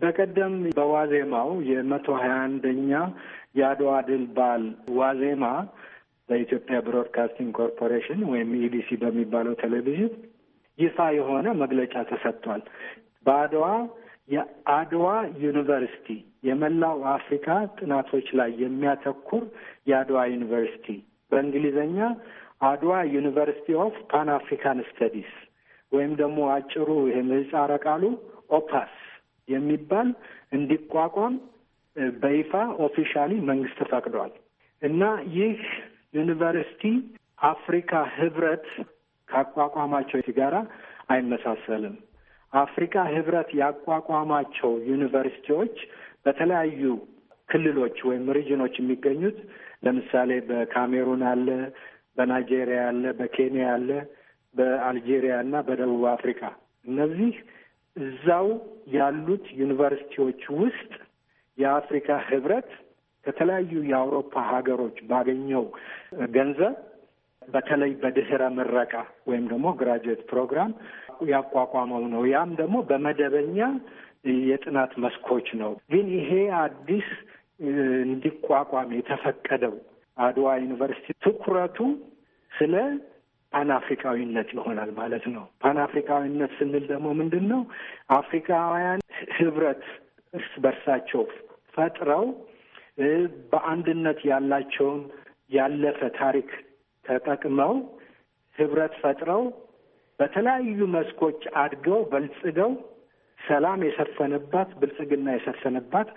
[SPEAKER 15] በቀደም በዋዜማው የመቶ ሀያ አንደኛ የአድዋ ድል በዓል ዋዜማ በኢትዮጵያ ብሮድካስቲንግ ኮርፖሬሽን ወይም ኢቢሲ በሚባለው ቴሌቪዥን ይፋ የሆነ መግለጫ ተሰጥቷል። በአድዋ የአድዋ ዩኒቨርሲቲ የመላው አፍሪካ ጥናቶች ላይ የሚያተኩር የአድዋ ዩኒቨርሲቲ በእንግሊዝኛ አድዋ ዩኒቨርሲቲ ኦፍ ፓን አፍሪካን ስተዲስ ወይም ደግሞ አጭሩ ይሄ ምህጻረ ቃሉ ኦፓስ የሚባል እንዲቋቋም በይፋ ኦፊሻሊ መንግስት ፈቅዷል እና ይህ ዩኒቨርሲቲ አፍሪካ ህብረት ካቋቋማቸው ጋራ አይመሳሰልም። አፍሪካ ህብረት ያቋቋማቸው ዩኒቨርሲቲዎች በተለያዩ ክልሎች ወይም ሪጅኖች የሚገኙት ለምሳሌ በካሜሩን አለ፣ በናይጄሪያ አለ፣ በኬንያ አለ፣ በአልጄሪያ እና በደቡብ አፍሪካ እነዚህ እዛው ያሉት ዩኒቨርሲቲዎች ውስጥ የአፍሪካ ህብረት ከተለያዩ የአውሮፓ ሀገሮች ባገኘው ገንዘብ በተለይ በድህረ ምረቃ ወይም ደግሞ ግራጁዌት ፕሮግራም ያቋቋመው ነው። ያም ደግሞ በመደበኛ የጥናት መስኮች ነው። ግን ይሄ አዲስ እንዲቋቋም የተፈቀደው አድዋ ዩኒቨርሲቲ ትኩረቱ ስለ ፓን አፍሪካዊነት ይሆናል ማለት ነው። ፓን አፍሪካዊነት ስንል ደግሞ ምንድን ነው? አፍሪካውያን ህብረት እርስ በርሳቸው ፈጥረው በአንድነት ያላቸውን ያለፈ ታሪክ ተጠቅመው ህብረት ፈጥረው በተለያዩ መስኮች አድገው በልጽገው ሰላም የሰፈነባት ብልጽግና የሰፈነባት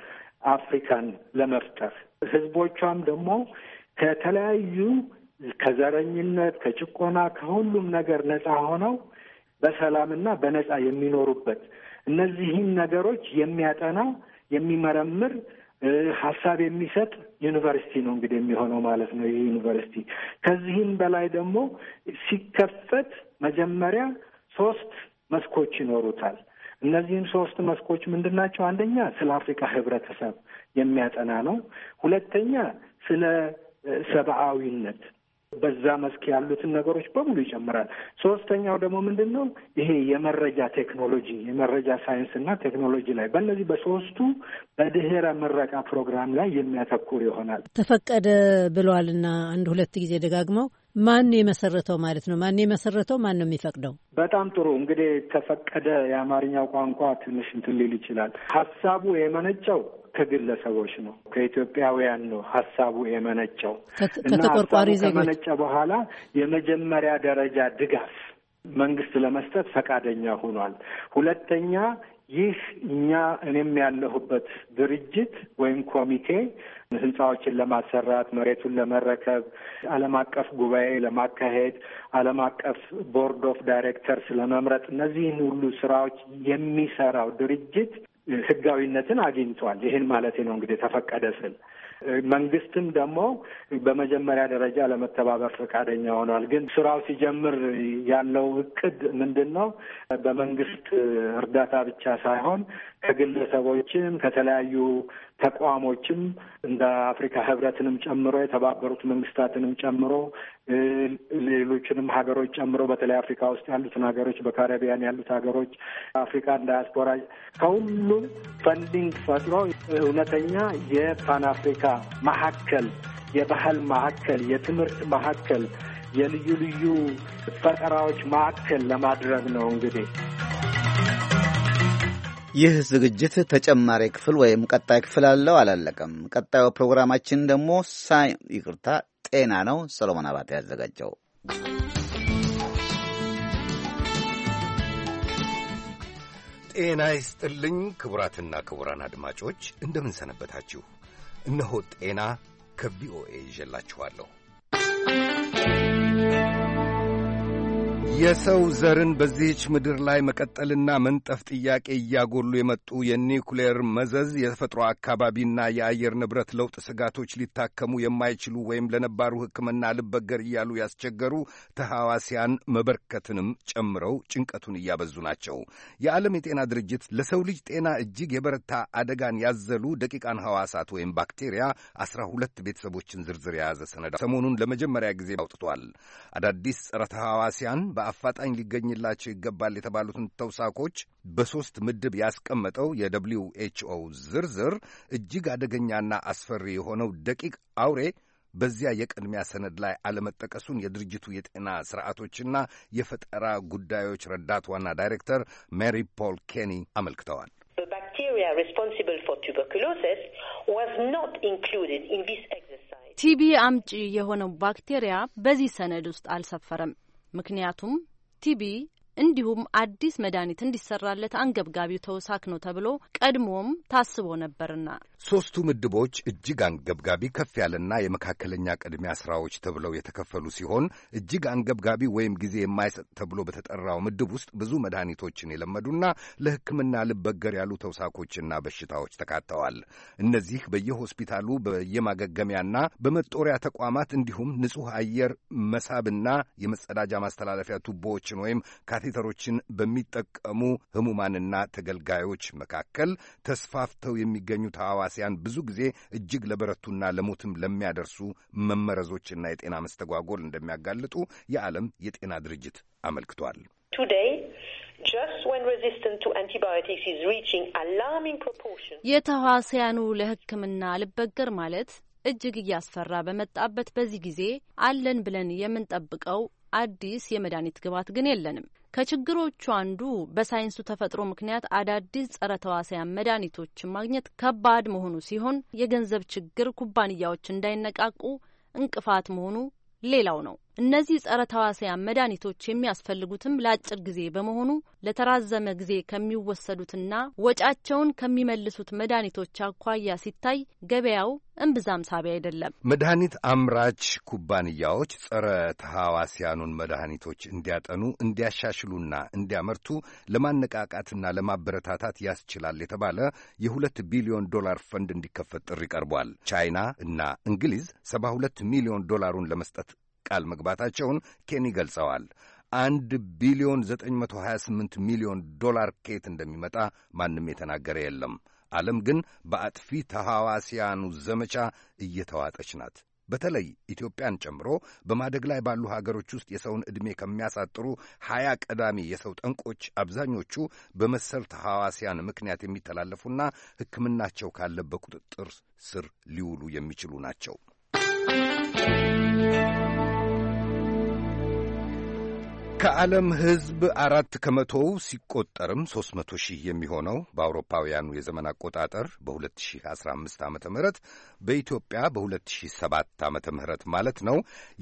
[SPEAKER 15] አፍሪካን ለመፍጠር ህዝቦቿም ደግሞ ከተለያዩ ከዘረኝነት፣ ከጭቆና፣ ከሁሉም ነገር ነፃ ሆነው በሰላምና በነፃ የሚኖሩበት እነዚህን ነገሮች የሚያጠና የሚመረምር ሀሳብ የሚሰጥ ዩኒቨርሲቲ ነው እንግዲህ የሚሆነው ማለት ነው። ይህ ዩኒቨርሲቲ ከዚህም በላይ ደግሞ ሲከፈት መጀመሪያ ሶስት መስኮች ይኖሩታል። እነዚህም ሶስት መስኮች ምንድን ናቸው? አንደኛ ስለ አፍሪካ ህብረተሰብ የሚያጠና ነው። ሁለተኛ ስለ ሰብአዊነት በዛ መስክ ያሉትን ነገሮች በሙሉ ይጨምራል። ሶስተኛው ደግሞ ምንድን ነው? ይሄ የመረጃ ቴክኖሎጂ የመረጃ ሳይንስ እና ቴክኖሎጂ ላይ በእነዚህ በሶስቱ በድህረ ምረቃ ፕሮግራም ላይ የሚያተኩር ይሆናል።
[SPEAKER 6] ተፈቀደ ብለዋል እና አንድ ሁለት ጊዜ ደጋግመው ማን የመሰረተው ማለት ነው? ማን የመሰረተው? ማን ነው የሚፈቅደው?
[SPEAKER 15] በጣም ጥሩ እንግዲህ ተፈቀደ የአማርኛው ቋንቋ ትንሽ እንትን ሊል ይችላል። ሀሳቡ የመነጨው ከግለሰቦች ነው፣ ከኢትዮጵያውያን ነው ሀሳቡ የመነጨው
[SPEAKER 6] ከተቆርቋሪ ሀሳቡ ከመነጨ
[SPEAKER 15] በኋላ የመጀመሪያ ደረጃ ድጋፍ መንግስት ለመስጠት ፈቃደኛ ሆኗል። ሁለተኛ ይህ እኛ እኔም ያለሁበት ድርጅት ወይም ኮሚቴ ህንፃዎችን ለማሰራት መሬቱን ለመረከብ ዓለም አቀፍ ጉባኤ ለማካሄድ ዓለም አቀፍ ቦርድ ኦፍ ዳይሬክተርስ ለመምረጥ እነዚህን ሁሉ ስራዎች የሚሰራው ድርጅት ህጋዊነትን አግኝቷል። ይህን ማለት ነው እንግዲህ ተፈቀደ ስል መንግስትም ደግሞ በመጀመሪያ ደረጃ ለመተባበር ፈቃደኛ ሆኗል። ግን ስራው ሲጀምር ያለው እቅድ ምንድን ነው? በመንግስት እርዳታ ብቻ ሳይሆን ከግለሰቦችም ከተለያዩ ተቋሞችም እንደ አፍሪካ ህብረትንም ጨምሮ የተባበሩት መንግስታትንም ጨምሮ ሌሎችንም ሀገሮች ጨምሮ በተለይ አፍሪካ ውስጥ ያሉትን ሀገሮች፣ በካሪቢያን ያሉት ሀገሮች፣ አፍሪካን ዳያስፖራ ከሁሉም ፈንዲንግ ፈጥሮ እውነተኛ የፓን አፍሪካ ማዕከል፣ የባህል ማዕከል፣ የትምህርት ማዕከል፣ የልዩ ልዩ ፈጠራዎች ማዕከል ለማድረግ ነው እንግዲህ
[SPEAKER 11] ይህ
[SPEAKER 1] ዝግጅት ተጨማሪ ክፍል ወይም ቀጣይ ክፍል አለው። አላለቀም። ቀጣዩ ፕሮግራማችን ደግሞ ሳይ ይቅርታ፣ ጤና ነው። ሰሎሞን አባት ያዘጋጀው
[SPEAKER 2] ጤና ይስጥልኝ። ክቡራትና ክቡራን አድማጮች እንደምንሰነበታችሁ። እነሆ ጤና ከቪኦኤ ይዤላችኋለሁ። የሰው ዘርን በዚህች ምድር ላይ መቀጠልና መንጠፍ ጥያቄ እያጎሉ የመጡ የኒውክሌር መዘዝ፣ የተፈጥሮ አካባቢና የአየር ንብረት ለውጥ ስጋቶች ሊታከሙ የማይችሉ ወይም ለነባሩ ሕክምና ልበገር እያሉ ያስቸገሩ ተሐዋስያን መበርከትንም ጨምረው ጭንቀቱን እያበዙ ናቸው። የዓለም የጤና ድርጅት ለሰው ልጅ ጤና እጅግ የበረታ አደጋን ያዘሉ ደቂቃን ሐዋሳት ወይም ባክቴሪያ አስራ ሁለት ቤተሰቦችን ዝርዝር የያዘ ሰነዳ ሰሞኑን ለመጀመሪያ ጊዜ አውጥቷል። አዳዲስ ጸረ ተሐዋስያን በአፋጣኝ ሊገኝላቸው ይገባል የተባሉትን ተውሳኮች በሦስት ምድብ ያስቀመጠው የደብሊው ኤች ኦ ዝርዝር እጅግ አደገኛና አስፈሪ የሆነው ደቂቅ አውሬ በዚያ የቅድሚያ ሰነድ ላይ አለመጠቀሱን የድርጅቱ የጤና ስርዓቶችና የፈጠራ ጉዳዮች ረዳት ዋና ዳይሬክተር ሜሪ ፖል ኬኒ አመልክተዋል።
[SPEAKER 16] ቲቢ አምጪ የሆነው ባክቴሪያ በዚህ ሰነድ ውስጥ አልሰፈረም። ምክንያቱም ቲቢ እንዲሁም አዲስ መድኃኒት እንዲሰራለት አንገብጋቢው ተውሳክ ነው ተብሎ ቀድሞም ታስቦ ነበርና
[SPEAKER 2] ሶስቱ ምድቦች እጅግ አንገብጋቢ ከፍ ያለና የመካከለኛ ቅድሚያ ስራዎች ተብለው የተከፈሉ ሲሆን እጅግ አንገብጋቢ ወይም ጊዜ የማይሰጥ ተብሎ በተጠራው ምድብ ውስጥ ብዙ መድኃኒቶችን የለመዱና ለሕክምና ልበገር ያሉ ተውሳኮችና በሽታዎች ተካተዋል። እነዚህ በየሆስፒታሉ በየማገገሚያና በመጦሪያ ተቋማት እንዲሁም ንጹሕ አየር መሳብና የመጸዳጃ ማስተላለፊያ ቱቦዎችን ወይም ካቴ ካቴተሮችን በሚጠቀሙ ህሙማንና ተገልጋዮች መካከል ተስፋፍተው የሚገኙ ተሐዋስያን ብዙ ጊዜ እጅግ ለበረቱና ለሞትም ለሚያደርሱ መመረዞችና የጤና መስተጓጎል እንደሚያጋልጡ የዓለም የጤና ድርጅት
[SPEAKER 16] አመልክቷል። የተዋሲያኑ ለሕክምና አልበገር ማለት እጅግ እያስፈራ በመጣበት በዚህ ጊዜ አለን ብለን የምንጠብቀው አዲስ የመድኃኒት ግብዓት ግን የለንም። ከችግሮቹ አንዱ በሳይንሱ ተፈጥሮ ምክንያት አዳዲስ ጸረ ተዋሳያን መድኃኒቶችን ማግኘት ከባድ መሆኑ ሲሆን የገንዘብ ችግር ኩባንያዎች እንዳይነቃቁ እንቅፋት መሆኑ ሌላው ነው። እነዚህ ጸረ ተዋሲያን መድኃኒቶች የሚያስፈልጉትም ለአጭር ጊዜ በመሆኑ ለተራዘመ ጊዜ ከሚወሰዱትና ወጫቸውን ከሚመልሱት መድኃኒቶች አኳያ ሲታይ ገበያው እምብዛም ሳቢ አይደለም።
[SPEAKER 2] መድኃኒት አምራች ኩባንያዎች ጸረ ተሐዋስያኑን መድኃኒቶች እንዲያጠኑ እንዲያሻሽሉና እንዲያመርቱ ለማነቃቃትና ለማበረታታት ያስችላል የተባለ የሁለት ቢሊዮን ዶላር ፈንድ እንዲከፈት ጥሪ ቀርቧል። ቻይና እና እንግሊዝ ሰባ ሁለት ሚሊዮን ዶላሩን ለመስጠት ቃል መግባታቸውን ኬን ገልጸዋል። አንድ ቢሊዮን 928 ሚሊዮን ዶላር ኬት እንደሚመጣ ማንም የተናገረ የለም። ዓለም ግን በአጥፊ ተሐዋስያኑ ዘመቻ እየተዋጠች ናት። በተለይ ኢትዮጵያን ጨምሮ በማደግ ላይ ባሉ ሀገሮች ውስጥ የሰውን ዕድሜ ከሚያሳጥሩ ሀያ ቀዳሚ የሰው ጠንቆች አብዛኞቹ በመሰል ተሐዋስያን ምክንያት የሚተላለፉና ሕክምናቸው ካለ በቁጥጥር ስር ሊውሉ የሚችሉ ናቸው። ከዓለም ሕዝብ አራት ከመቶው ሲቆጠርም 300 ሺህ የሚሆነው በአውሮፓውያኑ የዘመን አቆጣጠር በ2015 ዓ ም በኢትዮጵያ በ2007 ዓ ም ማለት ነው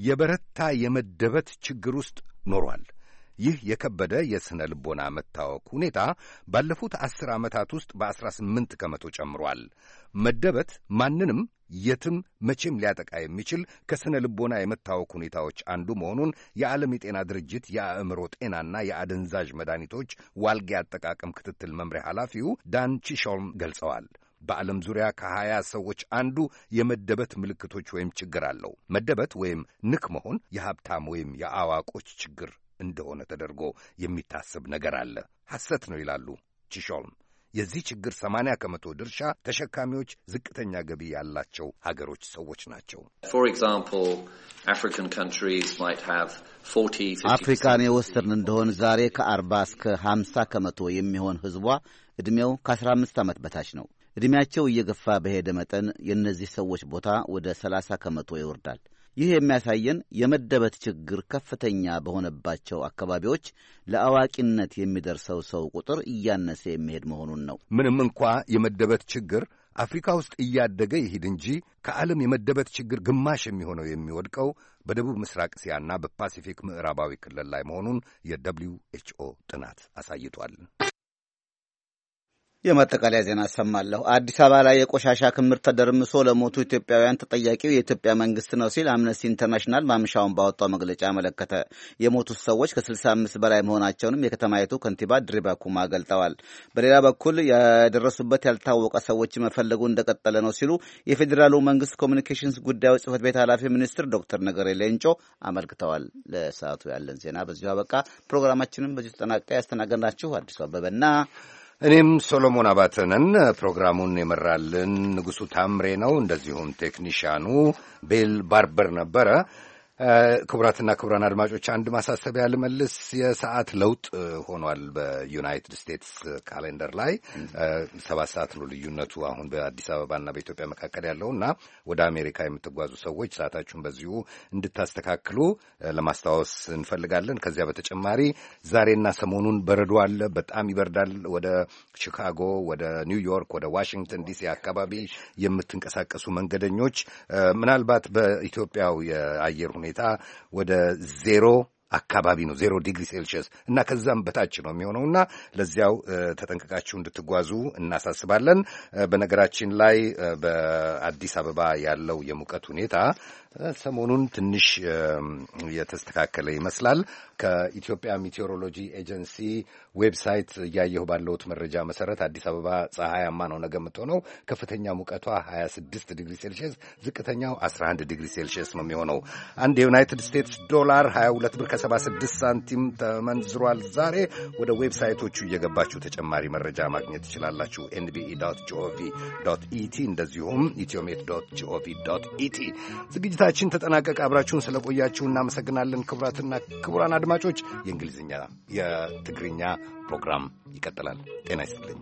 [SPEAKER 2] የበረታ የመደበት ችግር ውስጥ ኖሯል። ይህ የከበደ የሥነ ልቦና መታወክ ሁኔታ ባለፉት ዐሥር ዓመታት ውስጥ በ18 ከመቶ ጨምሯል። መደበት ማንንም የትም መቼም ሊያጠቃ የሚችል ከሥነ ልቦና የመታወክ ሁኔታዎች አንዱ መሆኑን የዓለም የጤና ድርጅት የአእምሮ ጤናና የአደንዛዥ መድኃኒቶች ዋልጌ አጠቃቀም ክትትል መምሪያ ኃላፊው ዳን ቺሾልም ገልጸዋል። በዓለም ዙሪያ ከሀያ ሰዎች አንዱ የመደበት ምልክቶች ወይም ችግር አለው። መደበት ወይም ንክ መሆን የሀብታም ወይም የአዋቆች ችግር እንደሆነ ተደርጎ የሚታሰብ ነገር አለ። ሐሰት ነው ይላሉ ቺሾልም። የዚህ ችግር 80 ከመቶ ድርሻ ተሸካሚዎች ዝቅተኛ ገቢ ያላቸው ሀገሮች ሰዎች ናቸው።
[SPEAKER 11] አፍሪካን የወሰድን
[SPEAKER 1] እንደሆን ዛሬ ከ40 እስከ 50 ከመቶ የሚሆን ህዝቧ ዕድሜው ከ15 ዓመት በታች ነው። ዕድሜያቸው እየገፋ በሄደ መጠን የእነዚህ ሰዎች ቦታ ወደ 30 ከመቶ ይወርዳል። ይህ የሚያሳየን የመደበት ችግር ከፍተኛ በሆነባቸው አካባቢዎች ለአዋቂነት የሚደርሰው ሰው ቁጥር እያነሰ የሚሄድ መሆኑን ነው። ምንም እንኳ
[SPEAKER 2] የመደበት ችግር አፍሪካ ውስጥ እያደገ ይሂድ እንጂ ከዓለም የመደበት ችግር ግማሽ የሚሆነው የሚወድቀው በደቡብ ምስራቅ እስያና በፓሲፊክ ምዕራባዊ ክልል ላይ መሆኑን የደብሊው ኤችኦ ጥናት አሳይቷል።
[SPEAKER 1] የማጠቃለያ ዜና አሰማለሁ። አዲስ አበባ ላይ የቆሻሻ ክምር ተደርምሶ ለሞቱ ኢትዮጵያውያን ተጠያቂው የኢትዮጵያ መንግስት ነው ሲል አምነስቲ ኢንተርናሽናል ማምሻውን ባወጣው መግለጫ አመለከተ። የሞቱት ሰዎች ከ65 በላይ መሆናቸውንም የከተማይቱ ከንቲባ ድሪባ ኩማ ገልጠዋል። በሌላ በኩል የደረሱበት ያልታወቀ ሰዎች መፈለጉ እንደቀጠለ ነው ሲሉ የፌዴራሉ መንግስት ኮሚኒኬሽንስ ጉዳዮች ጽህፈት ቤት ኃላፊ ሚኒስትር ዶክተር ነገሬ ሌንጮ አመልክተዋል። ለሰዓቱ ያለን ዜና በዚሁ አበቃ።
[SPEAKER 2] ፕሮግራማችንም በዚሁ ተጠናቀ። ያስተናገድናችሁ አዲሱ አበበና እኔም ሶሎሞን አባተነን ፕሮግራሙን የመራልን ንጉሡ ታምሬ ነው። እንደዚሁም ቴክኒሽያኑ ቤል ባርበር ነበረ። ክቡራትና ክቡራን አድማጮች አንድ ማሳሰቢያ ልመልስ። የሰዓት ለውጥ ሆኗል በዩናይትድ ስቴትስ ካሌንደር ላይ ሰባት ሰዓት ነው ልዩነቱ አሁን በአዲስ አበባና በኢትዮጵያ መካከል ያለው እና ወደ አሜሪካ የምትጓዙ ሰዎች ሰዓታችሁን በዚሁ እንድታስተካክሉ ለማስታወስ እንፈልጋለን። ከዚያ በተጨማሪ ዛሬና ሰሞኑን በረዶ አለ፣ በጣም ይበርዳል። ወደ ቺካጎ፣ ወደ ኒውዮርክ፣ ወደ ዋሽንግተን ዲሲ አካባቢ የምትንቀሳቀሱ መንገደኞች ምናልባት በኢትዮጵያው የአየር ሁኔታ ሁኔታ ወደ ዜሮ አካባቢ ነው ዜሮ ዲግሪ ሴልሺየስ እና ከዛም በታች ነው የሚሆነው እና ለዚያው ተጠንቅቃችሁ እንድትጓዙ እናሳስባለን። በነገራችን ላይ በአዲስ አበባ ያለው የሙቀት ሁኔታ ሰሞኑን ትንሽ የተስተካከለ ይመስላል። ከኢትዮጵያ ሜቴዎሮሎጂ ኤጀንሲ ዌብሳይት እያየሁ ባለሁት መረጃ መሰረት አዲስ አበባ ፀሐያማ ነው ነገ የምትሆነው። ከፍተኛ ሙቀቷ 26 ዲግሪ ሴልሽየስ፣ ዝቅተኛው 11 ዲግሪ ሴልሽየስ ነው የሚሆነው። አንድ የዩናይትድ ስቴትስ ዶላር 22 ብር ከ76 ሳንቲም ተመንዝሯል። ዛሬ ወደ ዌብሳይቶቹ እየገባችሁ ተጨማሪ መረጃ ማግኘት ትችላላችሁ። ኤንቢኢ ጂኦቪ ኢቲ እንደዚሁም ኢትዮሜት ጂኦቪ ኢቲ ዝግጅታ ዝግጅታችን ተጠናቀቀ። አብራችሁን ስለቆያችሁ እናመሰግናለን። ክቡራትና ክቡራን አድማጮች የእንግሊዝኛ የትግርኛ ፕሮግራም ይቀጥላል። ጤና ይስጥልኝ።